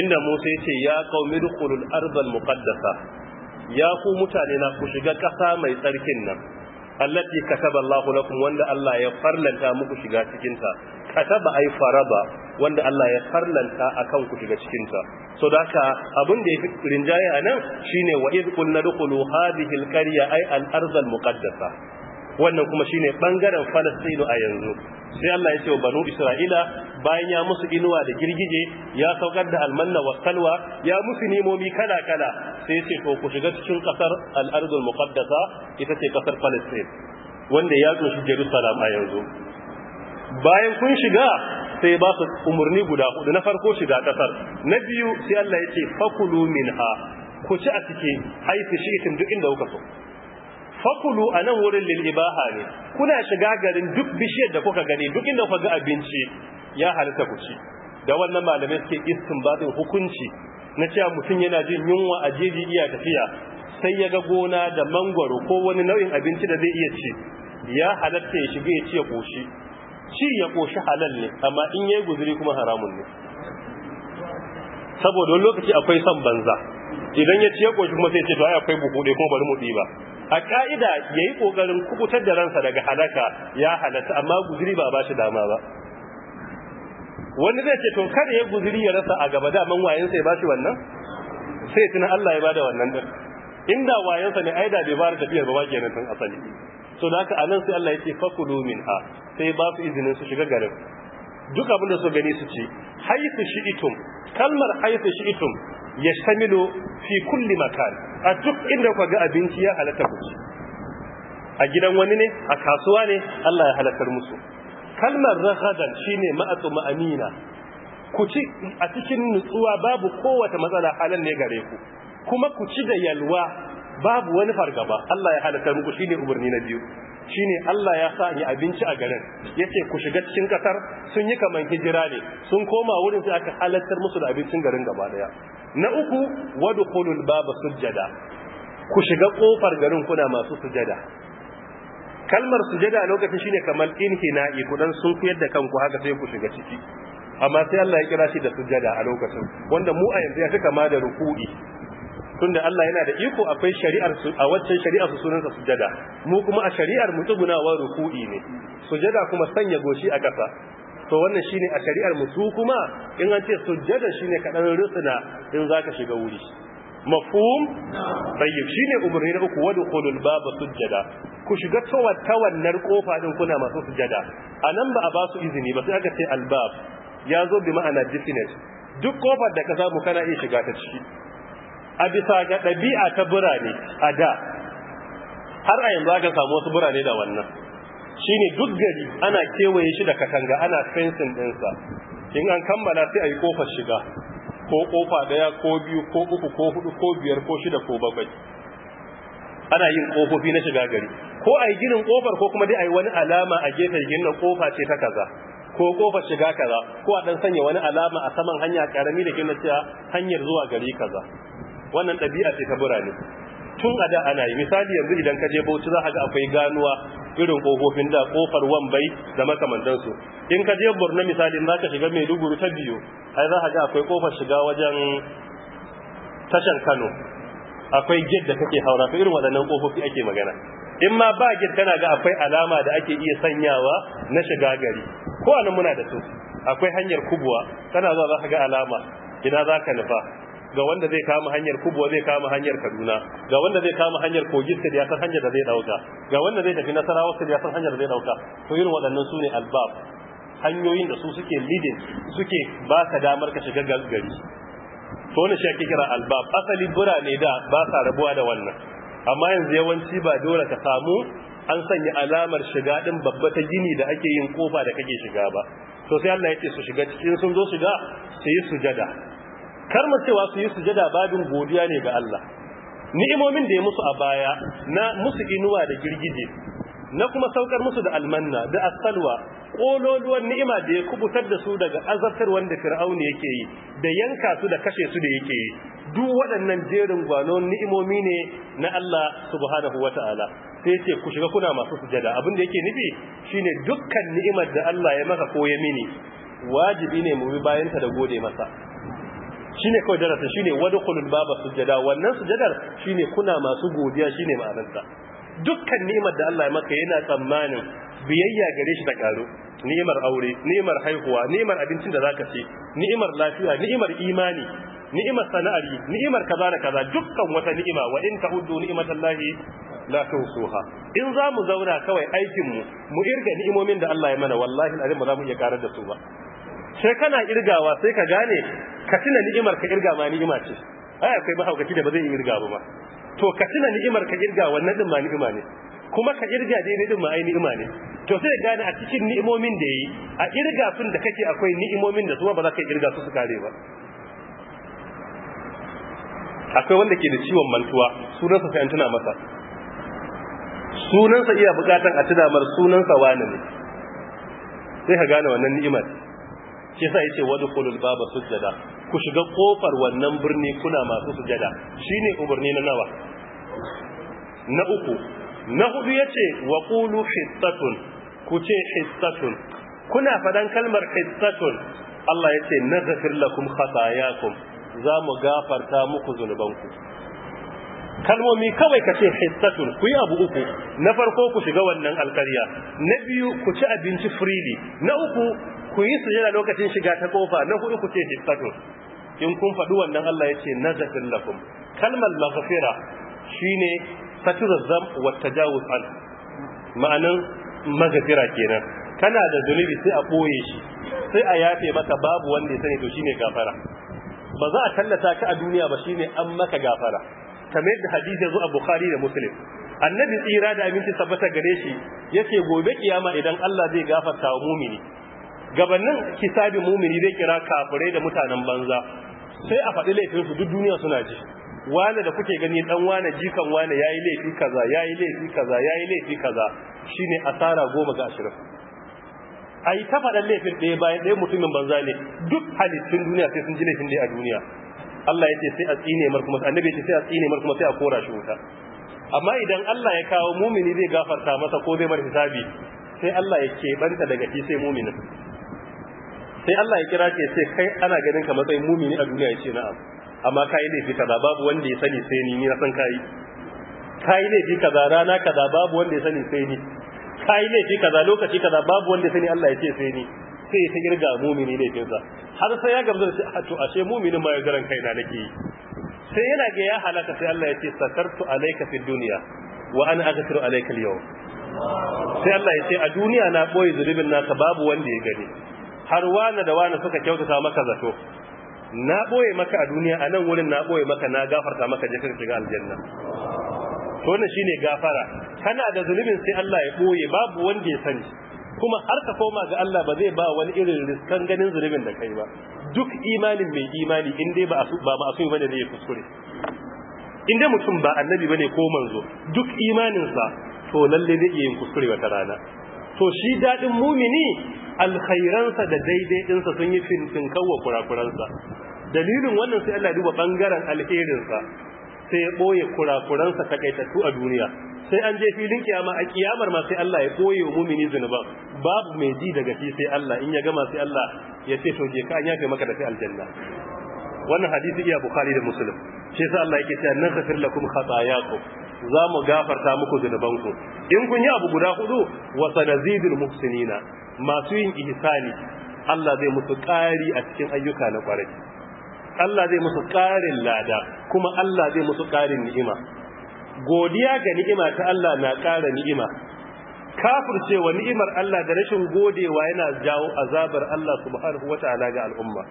[SPEAKER 1] inda Musa ya ce ya qaumi dukhulul arzal muqaddasa ya ku mutane na ku shiga ƙasa mai tsarkin nan allati kataba Allahu lakum wanda Allah ya farlanta muku shiga cikin ta kataba ay faraba wanda Allah ya farlanta akan ku shiga cikin ta so daka abin da fi rinjaye anan shine wa id qulna dukhulu hadhihi alqarya ay al-ardh muqaddasa wannan kuma shine bangaren Falasɗinu a yanzu sai Allah ya ce wa banu Isra'ila bayan ya musu inuwa da girgije ya saukar da almanna wa salwa ya musu nimomi kala kala sai ya ce to ku shiga cikin kasar al-ardul muqaddasa ita ce kasar Palestine wanda ya kunshi Jerusalem a yanzu bayan kun shiga sai ba su umarni guda hudu na farko shiga kasar na biyu sai Allah ya ce fakulu minha ku ci a cikin haifi shi duk inda kuka so fakulu a nan wurin lil'ibaha ne kuna shiga garin duk bishiyar da kuka gani duk inda kuka ga abinci ya halitta ku ci da wannan malamai suke istinbatin hukunci na cewa mutum yana jin yunwa a jeji iya tafiya sai ya ga gona da mangwaro ko wani nau'in abinci da zai iya ci ya halatta ya shiga ya ci ya koshi ci ya koshi halal ne amma in yayi guzuri kuma haramun ne saboda wani lokaci akwai son banza idan ya ci ya koshi kuma sai ya ce to ai akwai buhu kuma bari mu ɗiba a ya yi ƙoƙarin kubutar da ransa daga halaka ya halatta amma guziri ba ba shi dama ba wani zai ce to kada ya guziri ya rasa a gaba daman wayan sai ba shi wannan sai tunan Allah ya bada wannan din inda wayansa ne aida bai da tafiyar ba ke nan asali so da haka anan sai Allah yake fakulu minha sai ba su izinin su shiga garin duk abin da su gani su ci shi shi'itum kalmar shi shi'itum yashtamilu fi kulli makan a duk inda ku ga abinci ya halatta ku a gidan wani ne a kasuwa ne Allah ya halatar musu kalmar rahadan shine ma'atu ma'amina ku ci a cikin nutsuwa babu kowace matsala halan ne gare ku kuma ku ci da yalwa babu wani fargaba Allah ya halatar muku shine umarni na biyu shine Allah ya sa ni abinci a garin yace ku shiga cikin kasar sun yi kaman hijira ne sun koma wurin sai aka halattar musu da abincin garin gaba daya na uku wadkhulul babu sujjada ku shiga kofar garin kuna masu sujada kalmar sujada a lokacin shine kamar inhina'i ku dan sun kuyar da kanku haka sai ku shiga ciki amma sai Allah ya kira shi da sujada a lokacin wanda mu a yanzu ya fi kama da ruku'i tunda Allah yana da iko akwai shari'ar su a waccan shari'ar su sunansa sujada mu kuma a shari'ar mu ruku'i ne sujada kuma sanya goshi a ƙasa to wannan shine a shari'ar su kuma in an ce sujjada shine kadan dan rusuna in zaka shiga wuri mafhum tayyib shine umarni na uku wadkhulul baba sujjada ku shiga tawar tawannar kofa din kuna masu sujjada anan ba a ba su izini ba sai aka ce albab ya zo bi ma'ana definite duk kofar da ka samu kana iya shiga ta ciki a bisa ga ɗabi'a ta birane a da har a yanzu aka samu wasu birane da wannan Shi ne duk gari ana kewaye shi da katanga ana fensin ɗinsa in an kammala sai a yi kofar shiga ko kofa daya ko biyu ko uku ko hudu ko biyar ko shida ko bakwai ana yin kofofi na shiga gari ko a yi ginin kofar ko kuma dai a yi wani alama a gefen gina kofa ce ta kaza ko kofar shiga kaza ko a ɗan sanya wani alama a saman hanya karami da gina cewa hanyar zuwa gari kaza wannan ɗabi'a ce ta birane tun a da ana yi misali yanzu idan ka je bauchi za ga akwai ganuwa irin kofofin da kofar wambai da makamantansu in ka je borno misali za ka shiga maiduguri ta biyu ai za ga akwai kofar shiga wajen tashar kano akwai gid da kake haura to irin waɗannan kofofi ake magana in ma ba gid kana ga akwai alama da ake iya sanyawa na shiga gari ko anan muna da su akwai hanyar kubwa kana zuwa za ka ga alama ina za ka nufa ga wanda zai kama hanyar kubwa zai kama hanyar kaduna ga wanda zai kama hanyar kogi state ya san hanyar da zai dauka ga wanda zai tafi nasarawa state ya san hanyar da zai dauka to irin waɗannan su ne albab hanyoyin da su suke leading suke ba ka damar ka shiga gari to ne shi ake kira albab asali birane da ba sa rabuwa da wannan amma yanzu yawanci ba dole ka samu an sanya alamar shiga din babba ta gini da ake yin kofa da kake shiga ba to sai Allah ya ce su shiga cikin sun zo shiga sai jada. kar mu cewa su yi sujada babin godiya ne ga Allah ni'imomin da ya musu a baya na musu inuwa da girgije na kuma saukar musu da almanna da asalwa kololuwan ni'ima da ya kubutar da su daga azabtar wanda fir'auni yake yi da yanka su da kashe su da yake yi duk waɗannan jerin gwano ni'imomi ne na Allah subhanahu wata'ala sai ce ku shiga kuna masu sujada abin da yake nufi shine dukkan ni'imar da Allah ya maka ko ya mini wajibi ne mu bi bayanta da gode masa shine kawai darasin shine kunun baba sujada wannan sujadar shine kuna masu godiya shine ma'anarsa dukkan ni'mar da Allah ya maka yana tsammanin biyayya gare shi da karo nimar aure nimar haihuwa nimar abincin da zaka ci nimar lafiya nimar imani nimar sana'ar nimar kaza da kaza dukkan wata ni'ima wa in ta'uddu ni'matallahi la tuhsuha in za mu zauna kawai aikin mu mu irga ni'imomin da Allah ya mana wallahi alim ba za mu iya karar da su ba sai kana irgawa sai ka gane ka tuna ni'imar ka irga ma ni'ima ce ai akwai mahaukaci da ba zai irga ba to ka tuna ni'imar ka irga wannan din ma ni'ima ne kuma ka irga dai din ma ai ni'ima ne to sai gane a cikin ni'imomin da yi a irga sun da kake akwai ni'imomin da kuma ba za ka irga su su kare ba akwai wanda ke da ciwon mantuwa sunansa sai an tuna masa sunansa iya bukatan a tuna mar sunansa wani ne sai ka gane wannan ni'imar shi yasa yace wadkhulul baba sujada ku shiga kofar wannan birni kuna masu sujada shine umarni na nawa na uku na hudu yace wa qulu hissatun ku ce hissatun kuna fadan kalmar hissatun Allah yace nazafir lakum khatayakum za mu gafarta muku zunubanku kalmomi kawai ka ce hissatun ku yi abu uku na farko ku shiga wannan alkarya na biyu ku ci abinci freely na uku ku yi sujada lokacin shiga ta kofa na hudu ku ce in kun faɗi wannan Allah ya ce nazarin lakum kalmar maghfira shine satura zam wa tajawuz an ma'anan maghfira kenan kana da zunubi sai a ɓoye shi sai a yafe maka babu wanda ya sani to shine gafara ba za a tallata ka a duniya ba shine an maka gafara kamar yadda hadisi zuwa bukhari da muslim annabi tsira da aminci tabbata gare shi yace gobe kiyama idan Allah zai gafarta wa mumini gabanin kisabi mumini zai kira kafirai da mutanen banza sai a faɗi laifin su duk duniya suna ji wane da kuke gani dan wane jikan wane yayi laifi kaza yayi laifi kaza yayi laifi kaza shine asara goma ga ashirin a yi ta faɗan laifin ɗaya bayan ɗaya mutumin banza ne duk halittun duniya sai sun ji laifin ɗaya a duniya Allah ya ce sai a tsine mar kuma annabi ya ce sai a tsine mar kuma sai a kora shi wuta amma idan Allah ya kawo mumini zai gafarta masa ko zai mar hisabi sai Allah ya keɓanta daga shi sai muminin sai Allah ya kira ce sai kai ana ganin ka matsayin mumini a duniya ya ce na'am amma kai laifi kaza babu wanda ya sani sai ni ni na san kai kai laifi kaza rana kaza babu wanda ya sani sai ni kai laifi kaza lokaci kaza babu wanda ya sani Allah ya ce sai ni sai ta girga mumini laifinsa har sai ya gamsu da to ashe muminin ma ya garan na nake yi sai yana ga ya halaka sai Allah ya ce sakartu alayka fid dunya wa ana aghfiru alayka al-yawm sai Allah ya ce a duniya na boye zunubin naka babu wanda ya gani har wani da wani suka kyautata maka zato na boye maka a duniya a nan wurin na boye maka na gafarta maka je kan shiga aljanna to wannan shine gafara kana da zulubin sai Allah ya boye babu wanda ya sani kuma har ka koma ga Allah ba zai ba wani irin riskan ganin zulubin da kai ba duk imanin mai imani in dai ba ba ma'asumi bane da ya kuskure in dai mutum ba annabi bane ko manzo duk imaninsa to lalle zai iya yin kuskure wata rana to shi dadin mumini alkhairansa da daidai dinsa sun yi fintin kawwa kurakuransa dalilin wannan sai Allah duba bangaren alherinsa sai ya ɓoye kurakuransa takaitattu a duniya sai an je filin kiyama a kiyamar ma sai Allah ya ɓoye wa mumini zunuban babu mai ji daga shi sai Allah in ya gama sai Allah ya ce to je ka an yafe maka da sai aljanna wannan hadisi iya bukhari da muslim shi sai Allah yake cewa naghfir lakum khatayakum za mu gafarta muku zunubanku in kun yi abu guda hudu wa sanazidul muhsinina masu yin ihsani Allah zai musu ƙari a cikin ayyuka na ƙwarai Allah zai musu ƙarin lada kuma Allah zai musu ƙarin ni'ima godiya ga ni'ima ta Allah na ƙara ni'ima kafircewa ni'imar Allah da rashin godewa yana jawo azabar Allah subhanahu wataala ga al'umma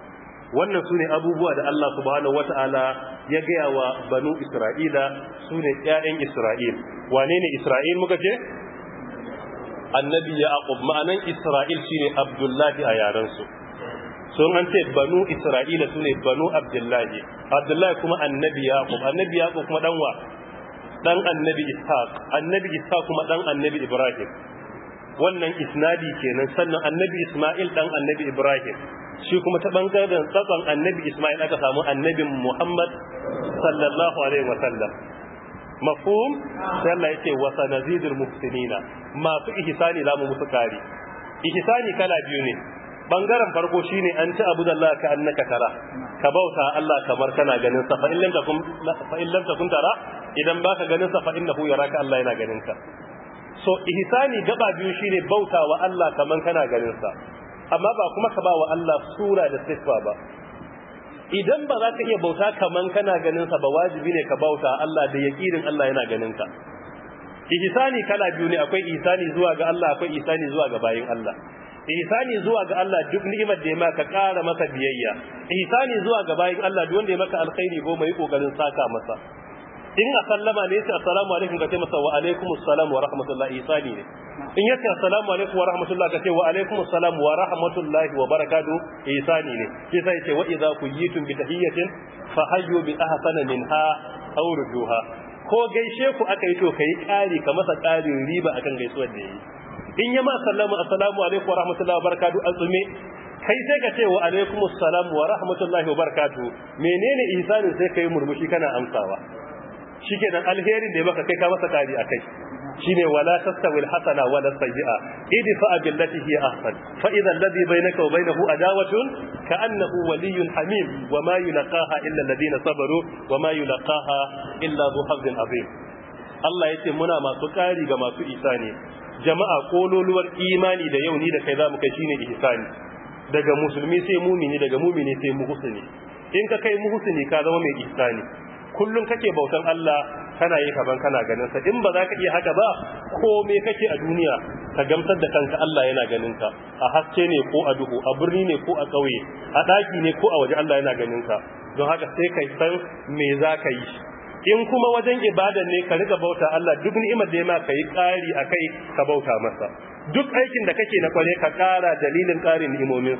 [SPEAKER 1] wannan su ne abubuwa da Allah subhanahu wata'ala ya gaya wa banu Isra'ila su ne ƴaƴan Isra'il wane ne Isra'il muka ce annabi yaqub ma'anan Isra'il shine Abdullahi a yaran su sun an ce banu Isra'ila sune banu Abdullahi Abdullahi kuma annabi yaqub annabi yaqub kuma dan wa? dan annabi Ishaq annabi Ishaq kuma dan annabi Ibrahim wannan isnadi kenan sannan annabi Isma'il dan annabi Ibrahim shi kuma ta bangaren tsatson annabi Ismail aka samu annabin Muhammad sallallahu alaihi wasallam mafhum sai Allah yake wa sanazidul muhsinina masu ihsani zamu musu kari ihsani kala biyu ne bangaren farko shine an ci abu dallahi ka annaka tara ka bauta Allah kamar kana ganin sa fa in lam takun fa in lam takun tara idan baka ganin sa fa innahu yaraka Allah yana ganin ka so ihsani gaba biyu shine bautawa Allah kaman kana ganin sa amma ba kuma ka ba wa Allah sura da sifa ba idan ba za ka iya bauta kaman kana ganin sa ba wajibi ne ka bauta Allah da yaƙinin Allah yana ganin ka ihsani kala biyu ne akwai ihsani zuwa ga Allah akwai ihsani zuwa ga bayin Allah ihsani zuwa ga Allah duk ni'imar da ya maka ƙara maka biyayya ihsani zuwa ga bayin Allah duk wanda ya maka alkhairi ko mai kokarin saka masa in a sallama ne yace assalamu alaikum ka ce masa wa alaikum assalam wa rahmatullahi isani ne in yace assalamu alaikum wa rahmatullahi ka ce wa alaikum assalam wa rahmatullahi wa barakatuh isani ne sai yace wa idza kuyitum bi tahiyyatin fa hayyu bi ahsana minha aw rudduha ko gaishe ku aka yi to kai kari ka masa karin riba akan gaisuwar da yi in ya ma sallama assalamu alaikum wa rahmatullahi wa barakatuh azume kai sai ka ce wa alaikum assalam wa rahmatullahi wa barakatuh menene ihsanin sai kai murmushi kana amsawa shikenan alherin da ya maka kai ka masa kari akai shine wala tastawi alhasana wala sayyi'a idfa billati hi ahsan fa idha alladhi bainaka wa bainahu adawatun ka'annahu waliyyun hamim wa ma yulqaha illa alladhina sabaru wa ma yulqaha illa dhu hazzin azim Allah yace muna masu kari ga masu isani jama'a kololuwar imani da yau ni da kai zamu kai shine ihsani daga musulmi sai mumini daga mumini sai muhsini in ka kai muhsini ka zama mai ihsani kullum kake bautan Allah kana yi kaban kana ganin sa in ba za ka iya haka ba me kake a duniya ka gamsar da kanka Allah yana ganin ka a haske ne ko a duhu a birni ne ko a ƙauye a ɗaki ne ko a waje Allah yana ganin ka don haka sai ka san me za ka yi in kuma wajen ibada ne ka riga bauta Allah duk ni'imar da ya ma ka yi ƙari a kai ka bauta masa duk aikin da kake na kware ka kara dalilin ƙarin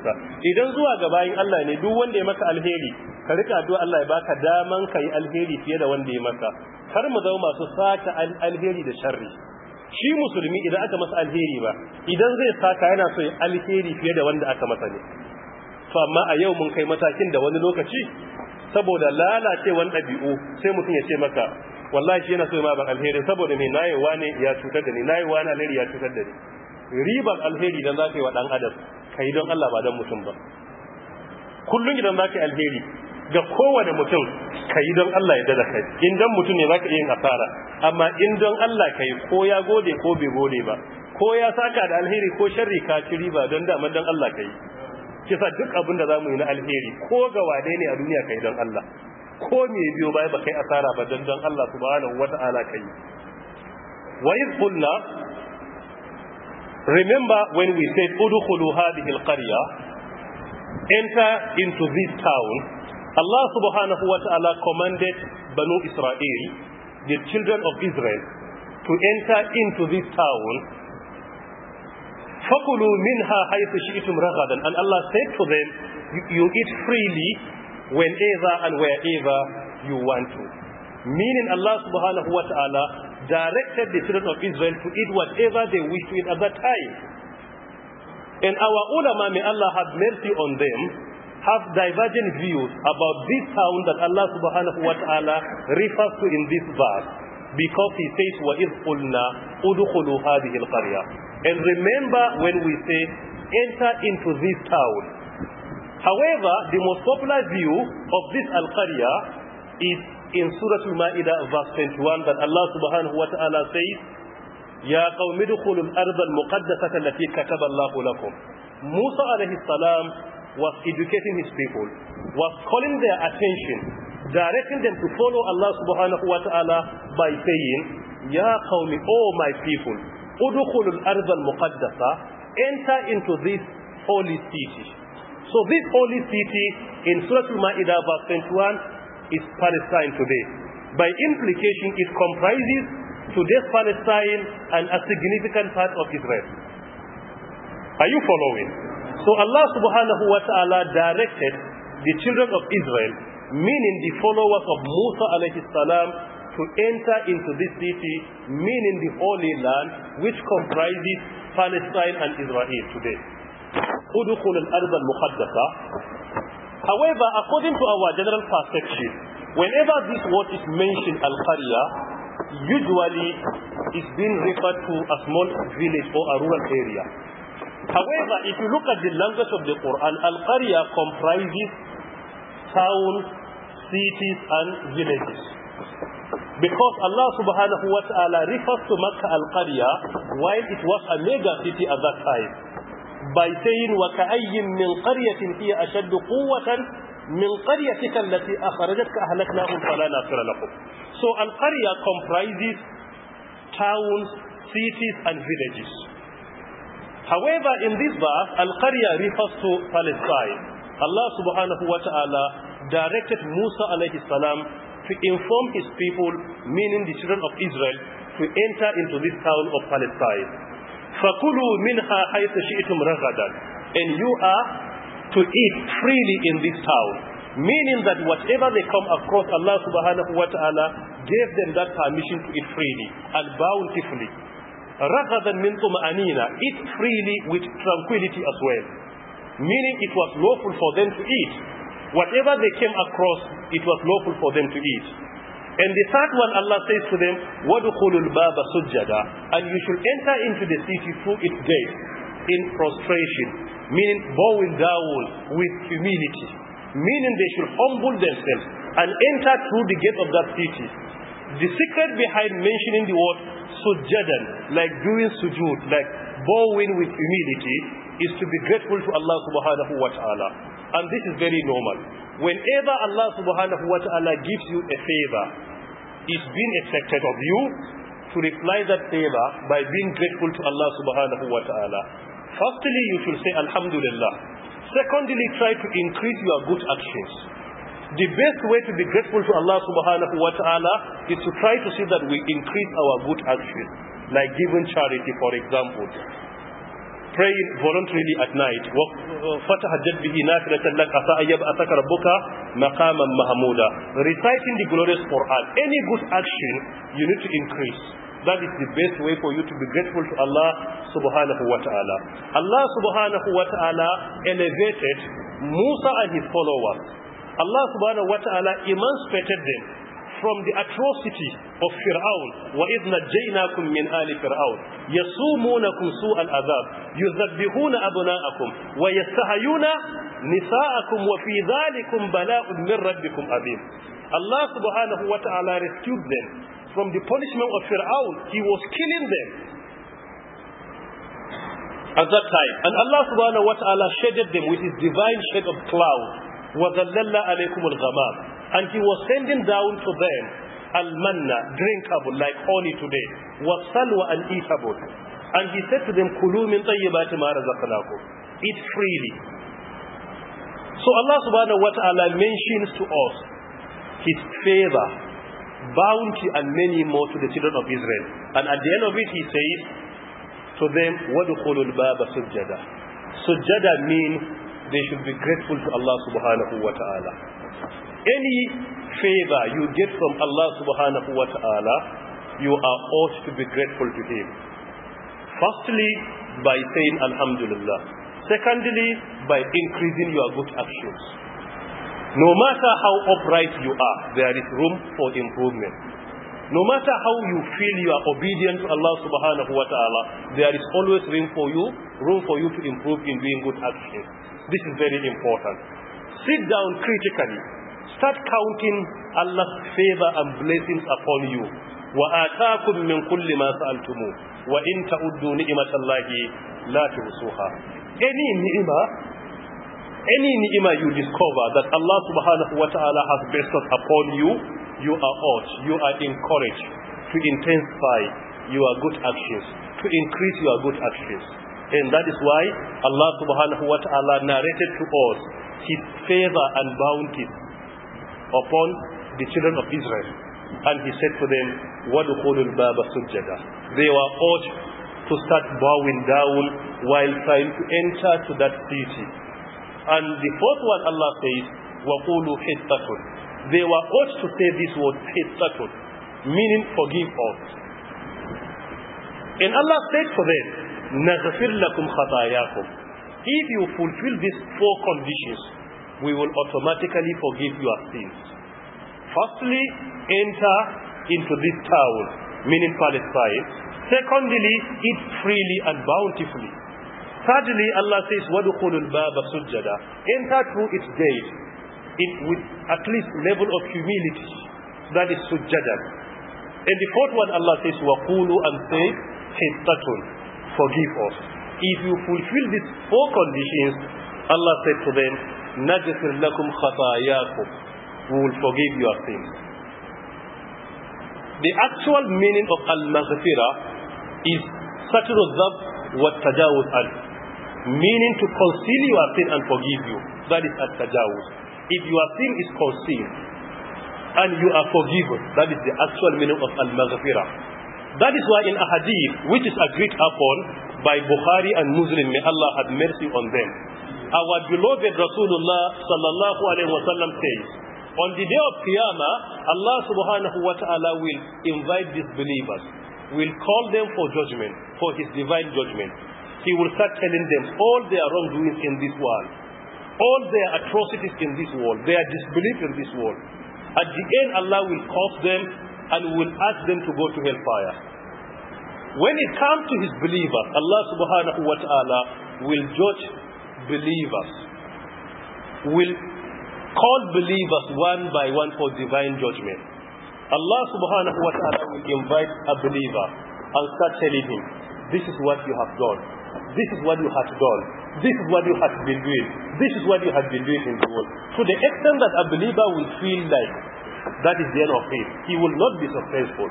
[SPEAKER 1] sa idan zuwa ga bayin Allah ne duk wanda ya maka alheri ka rika duwa Allah ya baka daman kai alheri fiye da wanda ya maka kar mu zama masu sata alheri da sharri shi musulmi idan aka masa alheri ba idan zai saka yana so ya alheri fiye da wanda aka masa ne to amma a yau mun kai matakin da wani lokaci saboda wani ɗabi'u sai mutum ya ce maka wallahi shi yana so ya ma ban alheri saboda me nayewa ne ya cutar da ni nayewa na alheri ya cutar da ni ribar alheri dan zaka yi wa dan adam kai don Allah ba dan mutum ba kullun idan zaka yi alheri ga kowane mutum kai don Allah ya dada kai in dan mutum ne zaka yin asara amma in don Allah kai ko ya gode ko bai gode ba ko ya saka da alheri ko sharri ka ci riba don da dan Allah kai kisa duk abin da zamu yi na alheri ko ga wadai ne a duniya kai don Allah ko me biyo bai ba kai asara ba dan dan Allah subhanahu wataala kai wa iz Remember when we said, Udukhulu hadihil qariya enter into this town, Allah subhanahu wa ta'ala commanded Banu Israel, the children of Israel, to enter into this town. Fakulu minha haythu shi'tum And Allah said to them, you, you eat freely whenever and wherever you want to. Meaning Allah subhanahu wa ta'ala directed the children of Israel to eat whatever they wished to eat at that time. And our ulama, may Allah have mercy on them, have divergent views about this town that Allah subhanahu wa ta'ala refers to in this verse because he says, وَإِذْ قُلْنَا أُدْخُلُوا هَذِهِ الْقَرْيَةِ And remember when we say, enter into this town. However, the most popular view of this al is in suratul ma'ida verse 21 that Allah subhanahu wa ta'ala says ya qaumi dukhulul arda al-muqaddasata allati kataba Allah lakum Musa alayhi salam was educating his people was calling their attention directing them to follow Allah subhanahu wa ta'ala by saying ya qaumi oh my people udkhulul arda al-muqaddasa enter into this holy city so this holy city in Surah Al-Ma'idah verse 21 is Palestine today. By implication, it comprises today's Palestine and a significant part of Israel. Are you following? So Allah subhanahu wa ta'ala directed the children of Israel, meaning the followers of Musa alayhi salam, to enter into this city, meaning the Holy Land, which comprises Palestine and Israel today. However, according to our general perception, whenever this word is mentioned, Al-Qariya, usually it's being referred to a small village or a rural area. However, if you look at the language of the Quran, Al-Qariya comprises towns, cities and villages. Because Allah subhanahu wa ta'ala refers to Makkah al-Qariya while it was a mega city at that time. by wa ka'ayyin min qaryatin hiya ashaddu quwwatan min qaryatika allati akhrajatka ahlaknahum fala nasira lakum so al qarya comprises towns cities and villages however in this verse al qarya refers to palestine allah subhanahu wa ta'ala directed musa alayhi salam to inform his people meaning the children of israel to enter into this town of palestine مِنْهَا حَيْثَ شِئْتُمْ رَغَدًا And you are to eat freely in this town. Meaning that whatever they come across, Allah subhanahu wa ta'ala gave them that permission to eat freely and bountifully. رَغَدًا مِنْ طُمْأَنِينَ Eat freely with tranquility as well. Meaning it was lawful for them to eat. Whatever they came across, it was lawful for them to eat. And the third one, Allah says to them, وَدُخُلُ الْبَابَ سُجَّدًا And you should enter into the city through its gate in prostration, meaning bowing down with humility, meaning they should humble themselves and enter through the gate of that city. The secret behind mentioning the word sujudan, like doing sujood, like bowing with humility, is to be grateful to Allah subhanahu wa ta'ala. And this is very normal. Whenever Allah subhanahu wa ta'ala gives you a favor, it's been expected of you to reply that favor by being grateful to Allah subhanahu wa ta'ala. Firstly, you should say Alhamdulillah. Secondly, try to increase your good actions. The best way to be grateful to Allah subhanahu wa ta'ala is to try to see that we increase our good actions, like giving charity, for example praying voluntarily at night fatahajjat bihi nafilatan lak asa ayyab asaka rabbuka reciting the glorious quran any good action you need to increase that is the best way for you to be grateful to Allah subhanahu wa ta'ala Allah subhanahu wa ta'ala elevated Musa and his followers Allah subhanahu wa ta'ala emancipated them from the atrocity of Fir'aun wa idh najaynakum min ali fir'aun yasumunakum su'al adhab yuzabbihuna abna'akum wa yastahayuna nisa'akum wa fi dhalikum bala'un min rabbikum abim Allah rescued them from the punishment of Fir'aun he was killing them at that time and Allah subhanahu wa ta'ala shaded them with his divine shade of cloud wa dhallala al And he was sending down to them al-manna, drinkable like only today, was salwa and eatable. And he said to them, kulu min tayyibati ma razaqnakum. Eat freely. So Allah subhanahu wa ta'ala mentions to us his favor, bounty and many more to the children of Israel. And at the end of it he says to them, وَدُخُلُوا الْبَابَ سُجَّدًا Sujjada means they should be grateful to Allah subhanahu wa ta'ala any favor you get from Allah subhanahu wa ta'ala, you are ought to be grateful to Him. Firstly, by saying Alhamdulillah. Secondly, by increasing your good actions. No matter how upright you are, there is room for improvement. No matter how you feel you are obedient to Allah subhanahu wa ta'ala, there is always room for you, room for you to improve in doing good actions. This is very important. Sit down critically start counting Allah's favor and blessings upon you. وآتاكم من كل ما سألتموه وإن تعدوا نعمة الله لا تحصوها any ni'mah any ni'mah you discover that Allah subhanahu wa ta'ala has bestowed upon you you are urged you are encouraged to intensify your good actions to increase your good actions and that is why Allah subhanahu wa ta'ala narrated to us his favor and bounties upon the children of Israel. And he said to them, وَدُخُولُ الْبَابَ سُجَّدًا They were urged to start bowing down while trying to enter to that city. And the fourth one Allah says, وَقُولُوا حِتَّةٌ They were urged to say this word, حِتَّةٌ meaning forgive us. And Allah said to them, نَغْفِرْ لَكُمْ خَطَايَاكُمْ If you fulfill these four conditions, we will automatically forgive your sins. Firstly, enter into this town, meaning Palestine. Secondly, eat freely and bountifully. Thirdly, Allah says, وَدُخُلُ الْبَابَ سُجَّدًا Enter through its gate it, with at least level of humility. That is sujjadan. And the fourth one, Allah says, وَقُولُ and say, حِتَّةٌ Forgive us. If you fulfill these four conditions, Allah said to them, نغفر لكم خطاياكم we will forgive your sins the actual meaning of al-maghfira is satr al-dhab wa tajawuz al. meaning to conceal your sin and forgive you that is al-tajawuz if your sin is concealed and you are forgiven that is the actual meaning of al-maghfira that is why in a hadith which is agreed upon by Bukhari and Muslim may Allah have mercy on them our beloved Rasulullah sallallahu says, on the day of Qiyamah, Allah subhanahu wa ta'ala will invite these believers, will call them for judgment, for His divine judgment. He will start telling them all their wrongdoings in this world, all their atrocities in this world, their disbelief in this world. At the end, Allah will curse them and will ask them to go to hellfire. When it comes to His believers, Allah subhanahu wa ta'ala will judge believers will call believers one by one for divine judgment. Allah subhanahu wa ta'ala will invite a believer and start telling him, this is what you have done. This is what you have done. This is what you have been doing. This is what you have been doing in the world. To the extent that a believer will feel like that is the end of him, he will not be successful.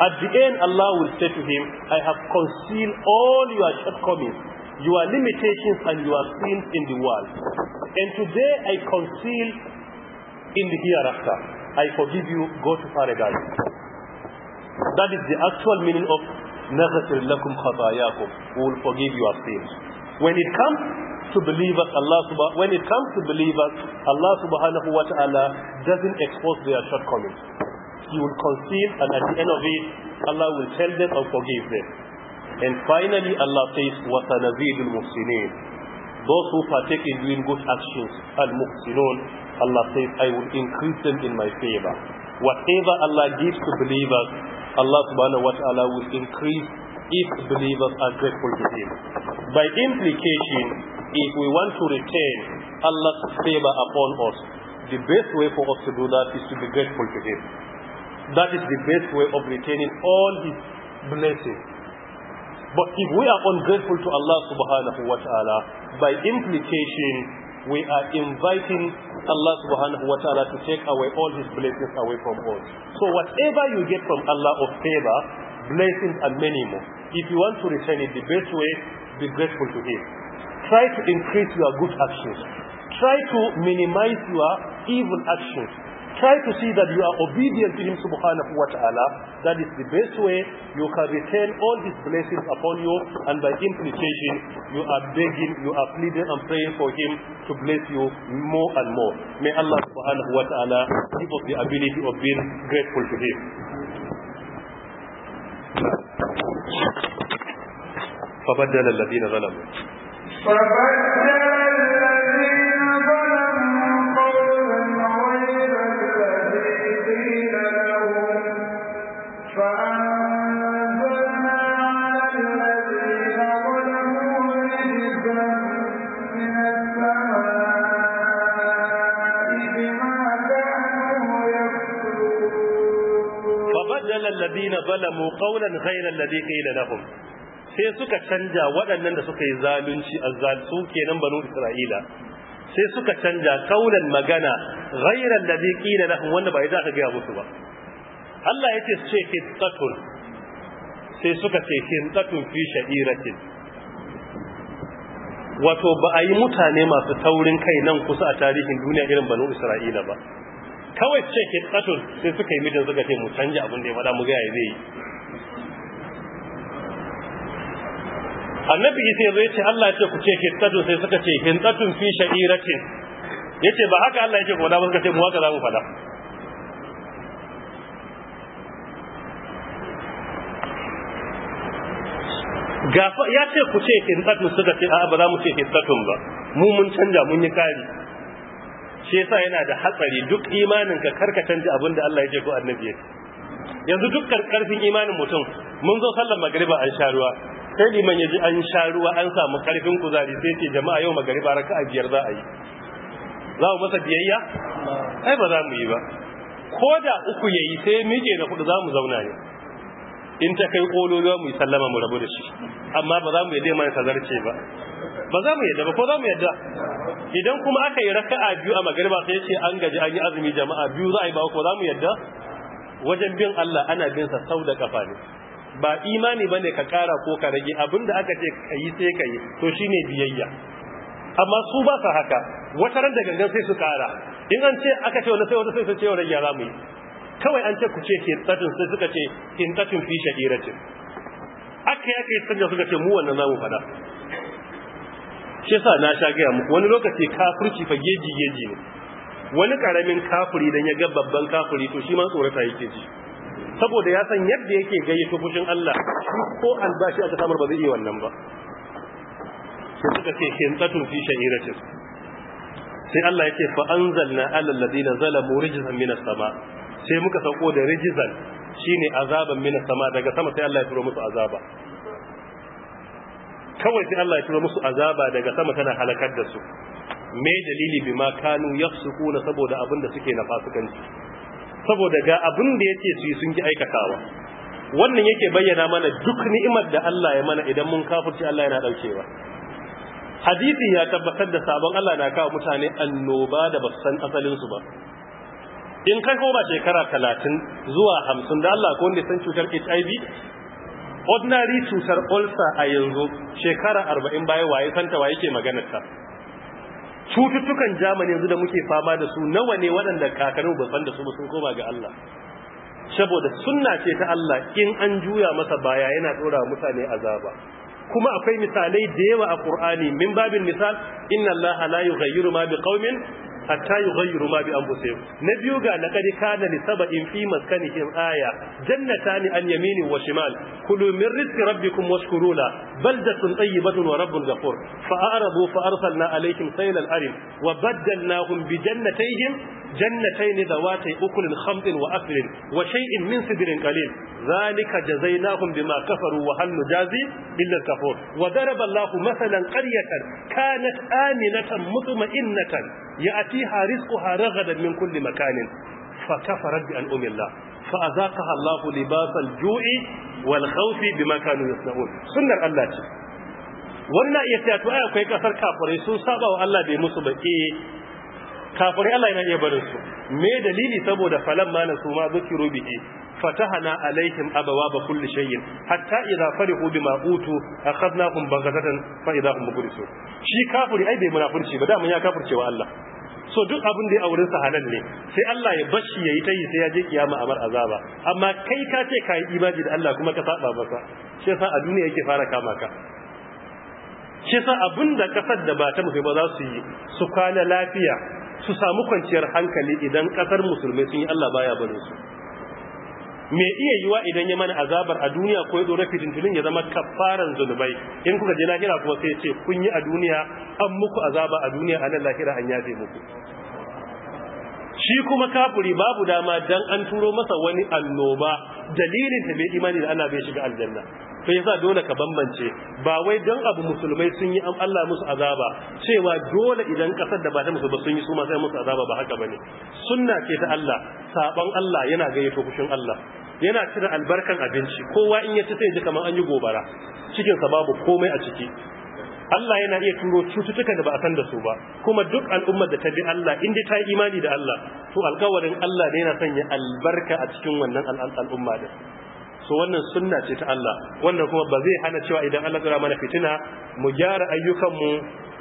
[SPEAKER 1] At the end, Allah will say to him, I have concealed all your shortcomings your limitations and your sins in the world. And today I conceal in the hereafter. I forgive you, go to paradise. That is the actual meaning of نَغَفِرْ لَكُمْ خَطَايَاكُمْ We will forgive your sins. When it comes to believers, Allah subhanahu when it comes to believers, Allah subhanahu wa ta'ala doesn't expose their shortcomings. He will conceal and at the end of it, Allah will tell them and forgive them. And finally, Allah says, وَسَنَزِيدُ الْمُحْسِنِينَ Those who partake in doing good actions, al Allah says, I will increase them in my favor. Whatever Allah gives to believers, Allah subhanahu wa ta'ala will increase if believers are grateful to Him. By implication, if we want to retain Allah's favor upon us, the best way for us to do that is to be grateful to Him. That is the best way of retaining all His blessings but if we are ungrateful to Allah subhanahu wa ta'ala, by implication, we are inviting Allah subhanahu wa ta'ala to take away all his blessings away from us. So whatever you get from Allah of favor, blessings and many more. If you want to return it the best way, be grateful to him. Try to increase your good actions. Try to minimize your evil actions Try to see that you are obedient to Him subhanahu wa ta'ala. That is the best way you can retain all His blessings upon you and by implication you are begging, you are pleading and praying for Him to bless you more and more. May Allah subhanahu wa ta'ala give us the ability of being grateful to Him. فبدل الذين ظلموا فبدل الذين ظلموا alladhina zalamu qawlan ghayra alladhi qila lahum sai suka canja waɗannan da suka yi zalunci a azzalsu kenan banu isra'ila sai suka canja kaulan magana ghayra alladhi qila lahum wanda bai za ka ga musu ba Allah yace su ce fitatun sai suka ce fitatun fi sha'iratin wato ba a yi mutane masu taurin kai nan kusa a tarihin duniya irin banu isra'ila ba kawai ce ke tsatun sai suka yi mijin suka ce mu canji abin da ya faɗa mu ga ya zai yi annabi isa ya zo ya ce Allah ya ce ku ce tsatun sai suka ce tsatun fi sha'iratin ya ce ba haka Allah ya ce ku ba suka ce mu haka za mu faɗa ya ce ku ce tsatun suka ce a ba za mu ce tsatun ba mu mun canja mun yi kari shi yasa yana da hatsari duk imanin ka karka canji abin da Allah ya ce ko annabi ya yanzu duk karfin imanin mutum mun zo sallar magriba an sha sai liman ya ji an sha ruwa an samu karfin kuzari sai ce jama'a yau magriba raka'a biyar za a yi za mu masa biyayya ai ba za mu yi ba ko da uku yayi sai mije na kudu za mu zauna ne in ta kai kololuwa mu sallama mu rabu da shi amma ba za mu yi mana tazarce ba ba za mu yadda ba ko za mu yadda idan kuma aka yi raka'a biyu a magariba sai ce an gaji an yi azumi jama'a biyu za a yi ba ko za mu yadda wajen bin Allah ana bin sa sau da kafa ne ba imani bane ka kara ko ka rage da aka ce ka yi sai ka yi to shine biyayya amma su ba sa haka wata ran da gangan sai su kara in an ce aka ce wani sai wata sai su ce wani ya mu yi kawai an ce ku ce hintatun sai suka ce hintatun fi shadiratin aka yake sanya suka ce mu wannan zamu fada shi yasa na sha gaya muku wani lokaci kafirci fa geji geji ne wani karamin kafiri dan ya ga babban kafiri to shi ma tsorata yake ji saboda ya san yadda yake gayyato fushin Allah ko albashi aka samar ba zai yi wannan ba sai suka ce hintatun fi sha'iratin sai Allah yake fa anzalna alal ladina zalamu rijzan minas sama sai muka sauko da rijizan shine azaban min sama daga sama sai Allah ya turo musu azaba kawai sai Allah ya turo musu azaba daga sama tana halakar da su me dalili bi ma kanu yafsukuna saboda abinda da suke na fasikanci saboda ga abin da yace su sun ki aikatawa wannan yake bayyana mana duk ni'imar da Allah ya mana idan mun kafirci Allah yana daukewa hadisi ya tabbatar da sabon Allah na kawo mutane annoba da basu san asalin su ba in kai koma shekara talatin zuwa hamsin da Allah ko wanda san cutar HIV ordinary cutar ulcer a yanzu shekara arba'in baya waye santa waye ke maganar ta cututtukan jamani yanzu da muke fama da su nawa ne waɗanda kakarin ba san da su sun koma ga Allah saboda sunna ce ta Allah in an juya masa baya yana dora mutane azaba kuma akwai misalai da yawa a Qur'ani min babin misal inna Allah la yughayyiru ma biqaumin hatta yughayyiru ma bi anfusihim na biyu ga laqad kana li sab'in fi maskanihim aya jannatani an yaminin wa shimal kulu min rizqi rabbikum washkuru la baldatun tayyibatun wa rabbun ghafur fa a'radu fa arsalna alayhim saylal arim wa baddalnahum bi jannatayhim jannatayn dawatay ukulin khamdin wa aslin wa shay'in min sidrin qalil ذلك جزيناهم بما كفروا وهل نجازي إلا الكفور وضرب الله مثلا قرية كانت آمنة مطمئنة يأتيها رزقها رغدا من كل مكان فكفرت بأنعم الله فأذاقها الله لباس الجوع والخوف بما كانوا يصنعون سنة الله wannan iya cewa to ai akwai kasar kafirai sun saba wa Allah bai musu ba eh kafirai Allah yana iya barin su me dalili saboda falan ma na su ma fatahana alaihim abawaba kulli shay'in hatta idza farihu bima utu akhadnahum baghatan fa idza hum mublisun shi kafiri ai bai munafurci ba da mun ya kafirce wa Allah so duk abin da ya aurin sa halal ne sai Allah ya bashi yayi tayi sai ya je kiyama amar azaba amma kai ka ce kayi ibadi da Allah kuma ka saba masa shi yasa a duniya yake fara kama ka shi yasa abin da kasar da ba ta musu ba za su yi su kwana lafiya su samu kwanciyar hankali idan kasar musulmai sun yi Allah baya barin su me iya yiwa idan ya mana azabar a duniya ko ya dora ya zama kafaran zunubai in kuka je lahira kuma sai ce kun yi a duniya an muku azaba a duniya a nan lahira an yafe muku shi kuma kafuri babu dama dan an turo masa wani annoba dalilin ta bai imani da Allah bai shiga aljanna to yasa dole ka bambance ba wai dan abu musulmai sun yi Allah musu azaba cewa dole idan kasar da ba ta musu ba sun yi su ma sai musu azaba ba haka bane sunna ce ta Allah saban Allah yana gayyato kushin Allah yana cire albarkan abinci kowa in ya ci sai ji kamar an yi gobara cikinsa babu komai a ciki Allah yana iya turo cututtukan da ba a san da su ba kuma duk al'ummar da ta bi Allah in dai ta yi imani da Allah to alƙawarin Allah ne yana sanya albarka a cikin wannan al'umma da so wannan sunna ce ta Allah wannan kuma ba zai hana cewa idan Allah ya mana fitina mu gyara ayyukanmu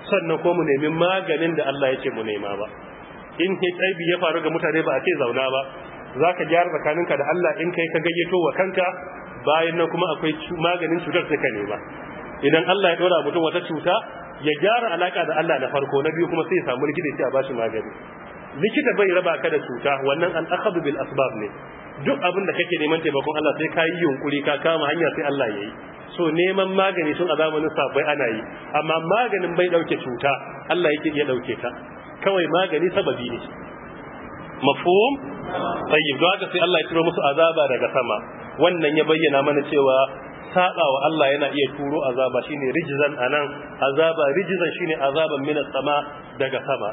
[SPEAKER 1] sannan ko mu nemi maganin da Allah yake mu nema ba in HIV ya faru ga mutane ba a ce zauna ba Za ka gyara tsakaninka da Allah in kai ka gayyato wa kanka bayan nan kuma akwai maganin cutar da ka nema idan Allah ya dora mutum wata cuta ya gyara alaka da Allah na farko na biyu kuma sai ya samu likita sai a bashi magani likita bai raba ka da cuta wannan an akhadhu bil asbab ne duk abin da kake neman taimakon Allah sai ka yi yunkuri ka kama hanya sai Allah ya yi so neman magani tun a zamanin sabai ana yi amma maganin bai dauke cuta Allah yake iya dauke ta kawai magani sababi ne mafhum tayyib don haka sai Allah ya turo musu azaba daga sama wannan ya bayyana mana cewa saba wa Allah yana iya turo azaba shine rijzan anan azaba rijzan shine azaban minas sama daga sama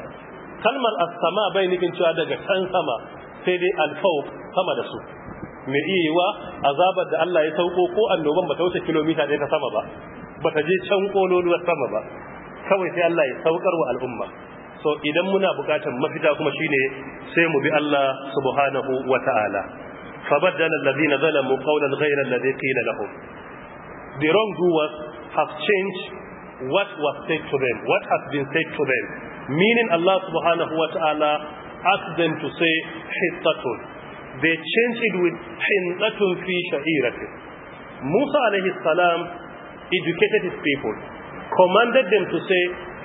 [SPEAKER 1] kalmar as-sama bai nufin cewa daga can sama sai dai al-fawq sama da su Me iya yiwa azabar da Allah ya sauko ko annoban ba ta wuce kilomita ɗaya ta sama ba ba ta je can kololuwar sama ba kawai sai Allah ya saukar wa al'umma so idan muna bukatar mafita kuma shine sai mu bi Allah subhanahu wata'ala fabaddala alladhina zalamu qawlan ghayra alladhi qila lahum the wrong wrongdoers have changed what was said to them what has been said to them meaning Allah subhanahu ta'ala asked them to say hittatun they changed it with hintatun fi sha'iratin Musa alayhi salam educated his people commanded them to say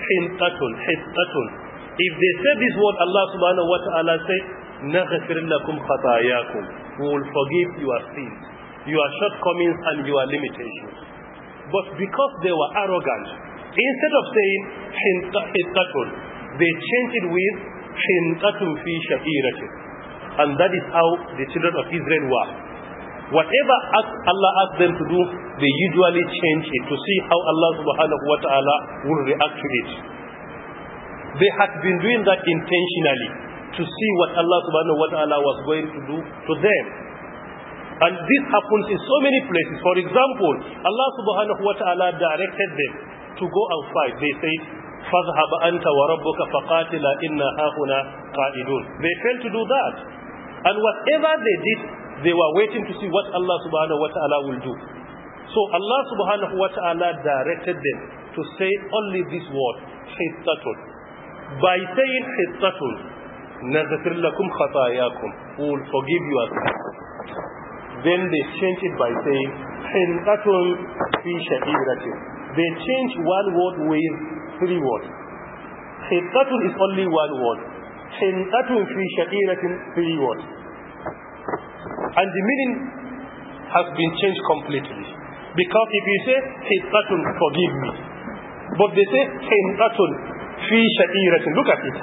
[SPEAKER 1] hintatun hintatun if they say this word Allah subhanahu wa ta'ala say naghfir lakum khatayakum we will forgive your sins your shortcomings and your limitations but because they were arrogant instead of saying hintatun they changed it with hintatun fi shakiratin and that is how the children of Israel were whatever Allah asked them to do they usually change it to see how Allah subhanahu wa ta'ala will react to it They had been doing that intentionally to see what Allah subhanahu wa ta'ala was going to do to them. And this happens in so many places. For example, Allah subhanahu wa ta'ala directed them to go and fight. They said, فَذْهَبَ أَنْتَ وَرَبُّكَ فَقَاتِلَا إِنَّا هَاهُنَا قَائِدُونَ They failed to do that. And whatever they did, they were waiting to see what Allah subhanahu wa ta'ala will do. So Allah subhanahu wa ta'ala directed them to say only this word, حِتَّةٌ by saying hittatun nazakir lakum khatayakum will forgive you then they change it by saying hintatun فِي شَعِيرَةِ. they change one word with three words hittatun is only one word hintatun فِي شَعِيرَةِ three words and the meaning has been changed completely because if you say hittatun forgive me but they say hintatun fi sha'iratin look at it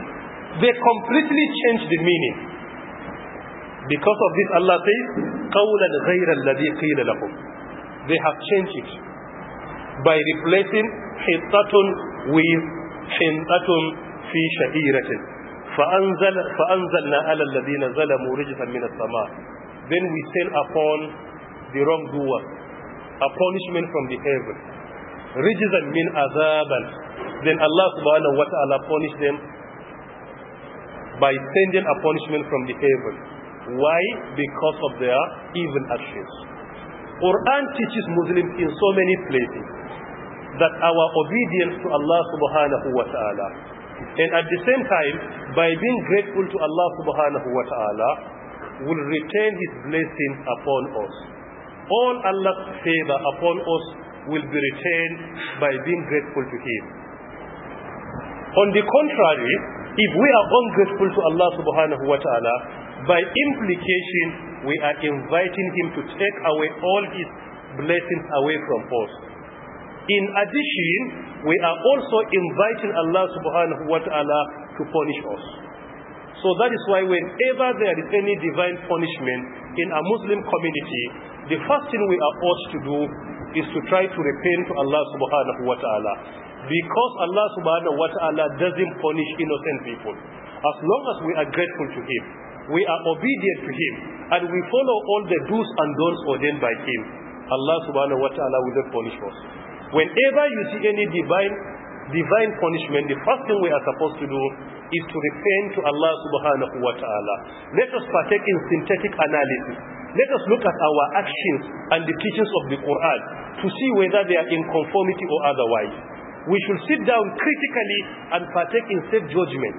[SPEAKER 1] they completely change the meaning because of this Allah says qawlan ghayra alladhi qila lahum they have changed it by replacing hitatun with hitatun fi sha'iratin فأنزل فأنزلنا على الذين ظلموا رجزا من السماء then we send upon the wrongdoer a punishment from the heaven رجزا من عذابا then Allah subhanahu wa ta'ala punished them by sending a punishment from the heaven. Why? Because of their evil actions. Quran teaches Muslims in so many places that our obedience to Allah subhanahu wa ta'ala and at the same time by being grateful to Allah subhanahu wa ta'ala will return his blessings upon us. All Allah's favor upon us will be returned by being grateful to him. On the contrary, if we are ungrateful to Allah subhanahu wa ta'ala, by implication, we are inviting Him to take away all His blessings away from us. In addition, we are also inviting Allah subhanahu wa ta'ala to punish us. So that is why whenever there is any divine punishment in a Muslim community, the first thing we are ought to do is to try to repent to Allah subhanahu wa ta'ala. Because Allah subhanahu wa ta'ala doesn't punish innocent people. As long as we are grateful to Him, we are obedient to Him, and we follow all the do's and don'ts ordained by Him, Allah subhanahu wa ta'ala will not punish us. Whenever you see any divine divine punishment, the first thing we are supposed to do is to repent to Allah subhanahu wa ta'ala. Let us partake in synthetic analysis let us look at our actions and the teachings of the Quran to see whether they are in conformity or otherwise. We should sit down critically and partake in self-judgment,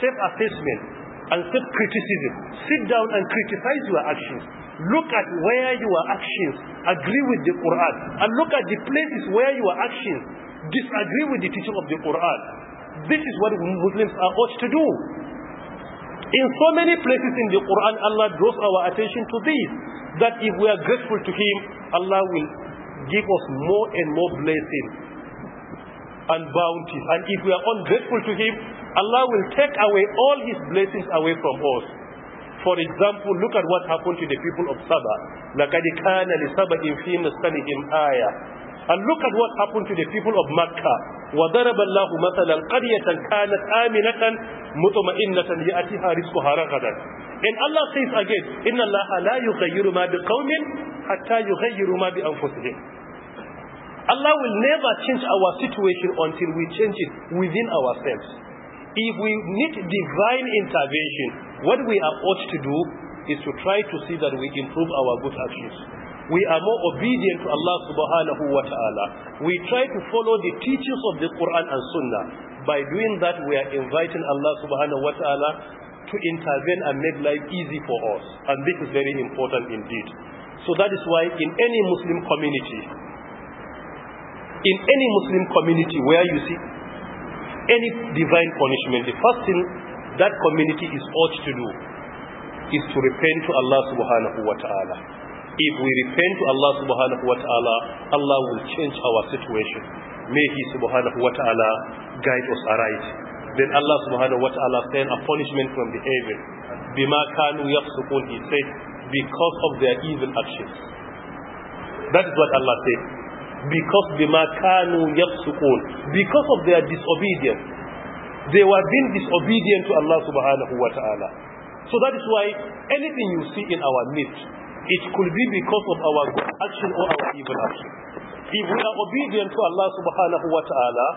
[SPEAKER 1] self-assessment, and self-criticism. Sit down and criticize your actions. Look at where your actions agree with the Quran. And look at the places where your actions disagree with the teaching of the Quran. This is what Muslims are ought to do. In so many places in the Quran, Allah draws our attention to this, that if we are grateful to Him, Allah will give us more and more blessings and bounties. And if we are ungrateful to Him, Allah will take away all His blessings away from us. For example, look at what happened to the people of Sabah. لَقَدْ كَانَ لِسَبَئٍ فِي مَسْكَنِهِمْ آيَةً and look at what happened to the people of Makkah. وَضَرَبَ اللَّهُ مَثَلًا قَرْيَةً كَانَتْ آمِنَةً مُطْمَئِنَّةً يَأْتِهَا رِزْقُهَا رَغَدًا And Allah says again, إِنَّ اللَّهَ لَا يُغَيِّرُ مَا بِقَوْمٍ حَتَّى يُغَيِّرُ مَا بِأَنفُسِهِمْ Allah will never change our situation until we change it within ourselves. If we need divine intervention, what we are ought to do is to try to see that we improve our good actions we are more obedient to Allah subhanahu wa ta'ala. We try to follow the teachings of the Quran and Sunnah. By doing that, we are inviting Allah subhanahu wa ta'ala to intervene and make life easy for us. And this is very important indeed. So that is why in any Muslim community, in any Muslim community where you see any divine punishment, the first thing that community is urged to do is to repent to Allah subhanahu wa ta'ala. If we repent to Allah subhanahu wa ta'ala, Allah will change our situation. May He subhanahu wa ta'ala guide us aright. Then Allah subhanahu wa ta'ala sent a punishment from the heaven. Bima kanu yafsukun, He said, because of their evil actions. That is what Allah said. Because bima kanu yafsukun, because of their disobedience. They were being disobedient to Allah subhanahu wa ta'ala. So that is why anything you see in our midst, it could be because of our good action or our evil action. If we are obedient to Allah subhanahu wa ta'ala,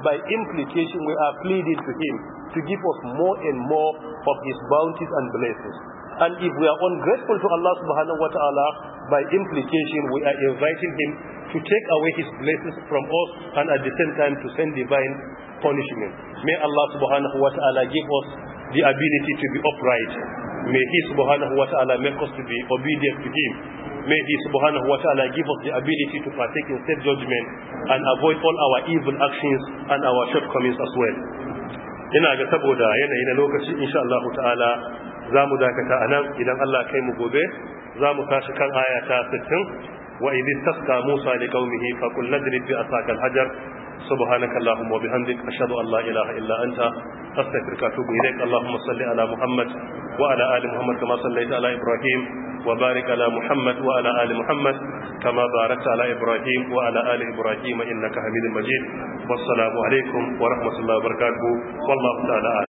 [SPEAKER 1] by implication we are pleading to Him to give us more and more of His bounties and blessings. And if we are ungrateful to Allah subhanahu wa ta'ala, by implication we are inviting Him to take away His blessings from us and at the same time to send divine punishment. May Allah subhanahu wa ta'ala give us the ability to be upright May He subhanahu wa ta'ala make us to be obedient to Him. May He subhanahu wa ta'ala give us the ability to partake in safe judgment and avoid all our evil actions and our shortcomings as well. Ina ga saboda yanayi na lokaci insha Allah ta'ala za mu dakata a nan idan Allah kai mu gobe za mu tashi kan aya ta 60 wa idh tasqa Musa liqaumihi fa qul a bi hajar سبحانك اللهم وبحمدك أشهد أن لا إله إلا أنت أستغفرك وأتوب إليك اللهم صل على محمد وعلى آل محمد كما صليت على إبراهيم وبارك على محمد وعلى آل محمد كما باركت على إبراهيم وعلى آل إبراهيم إنك حميد مجيد والسلام عليكم ورحمة الله وبركاته والله تعالى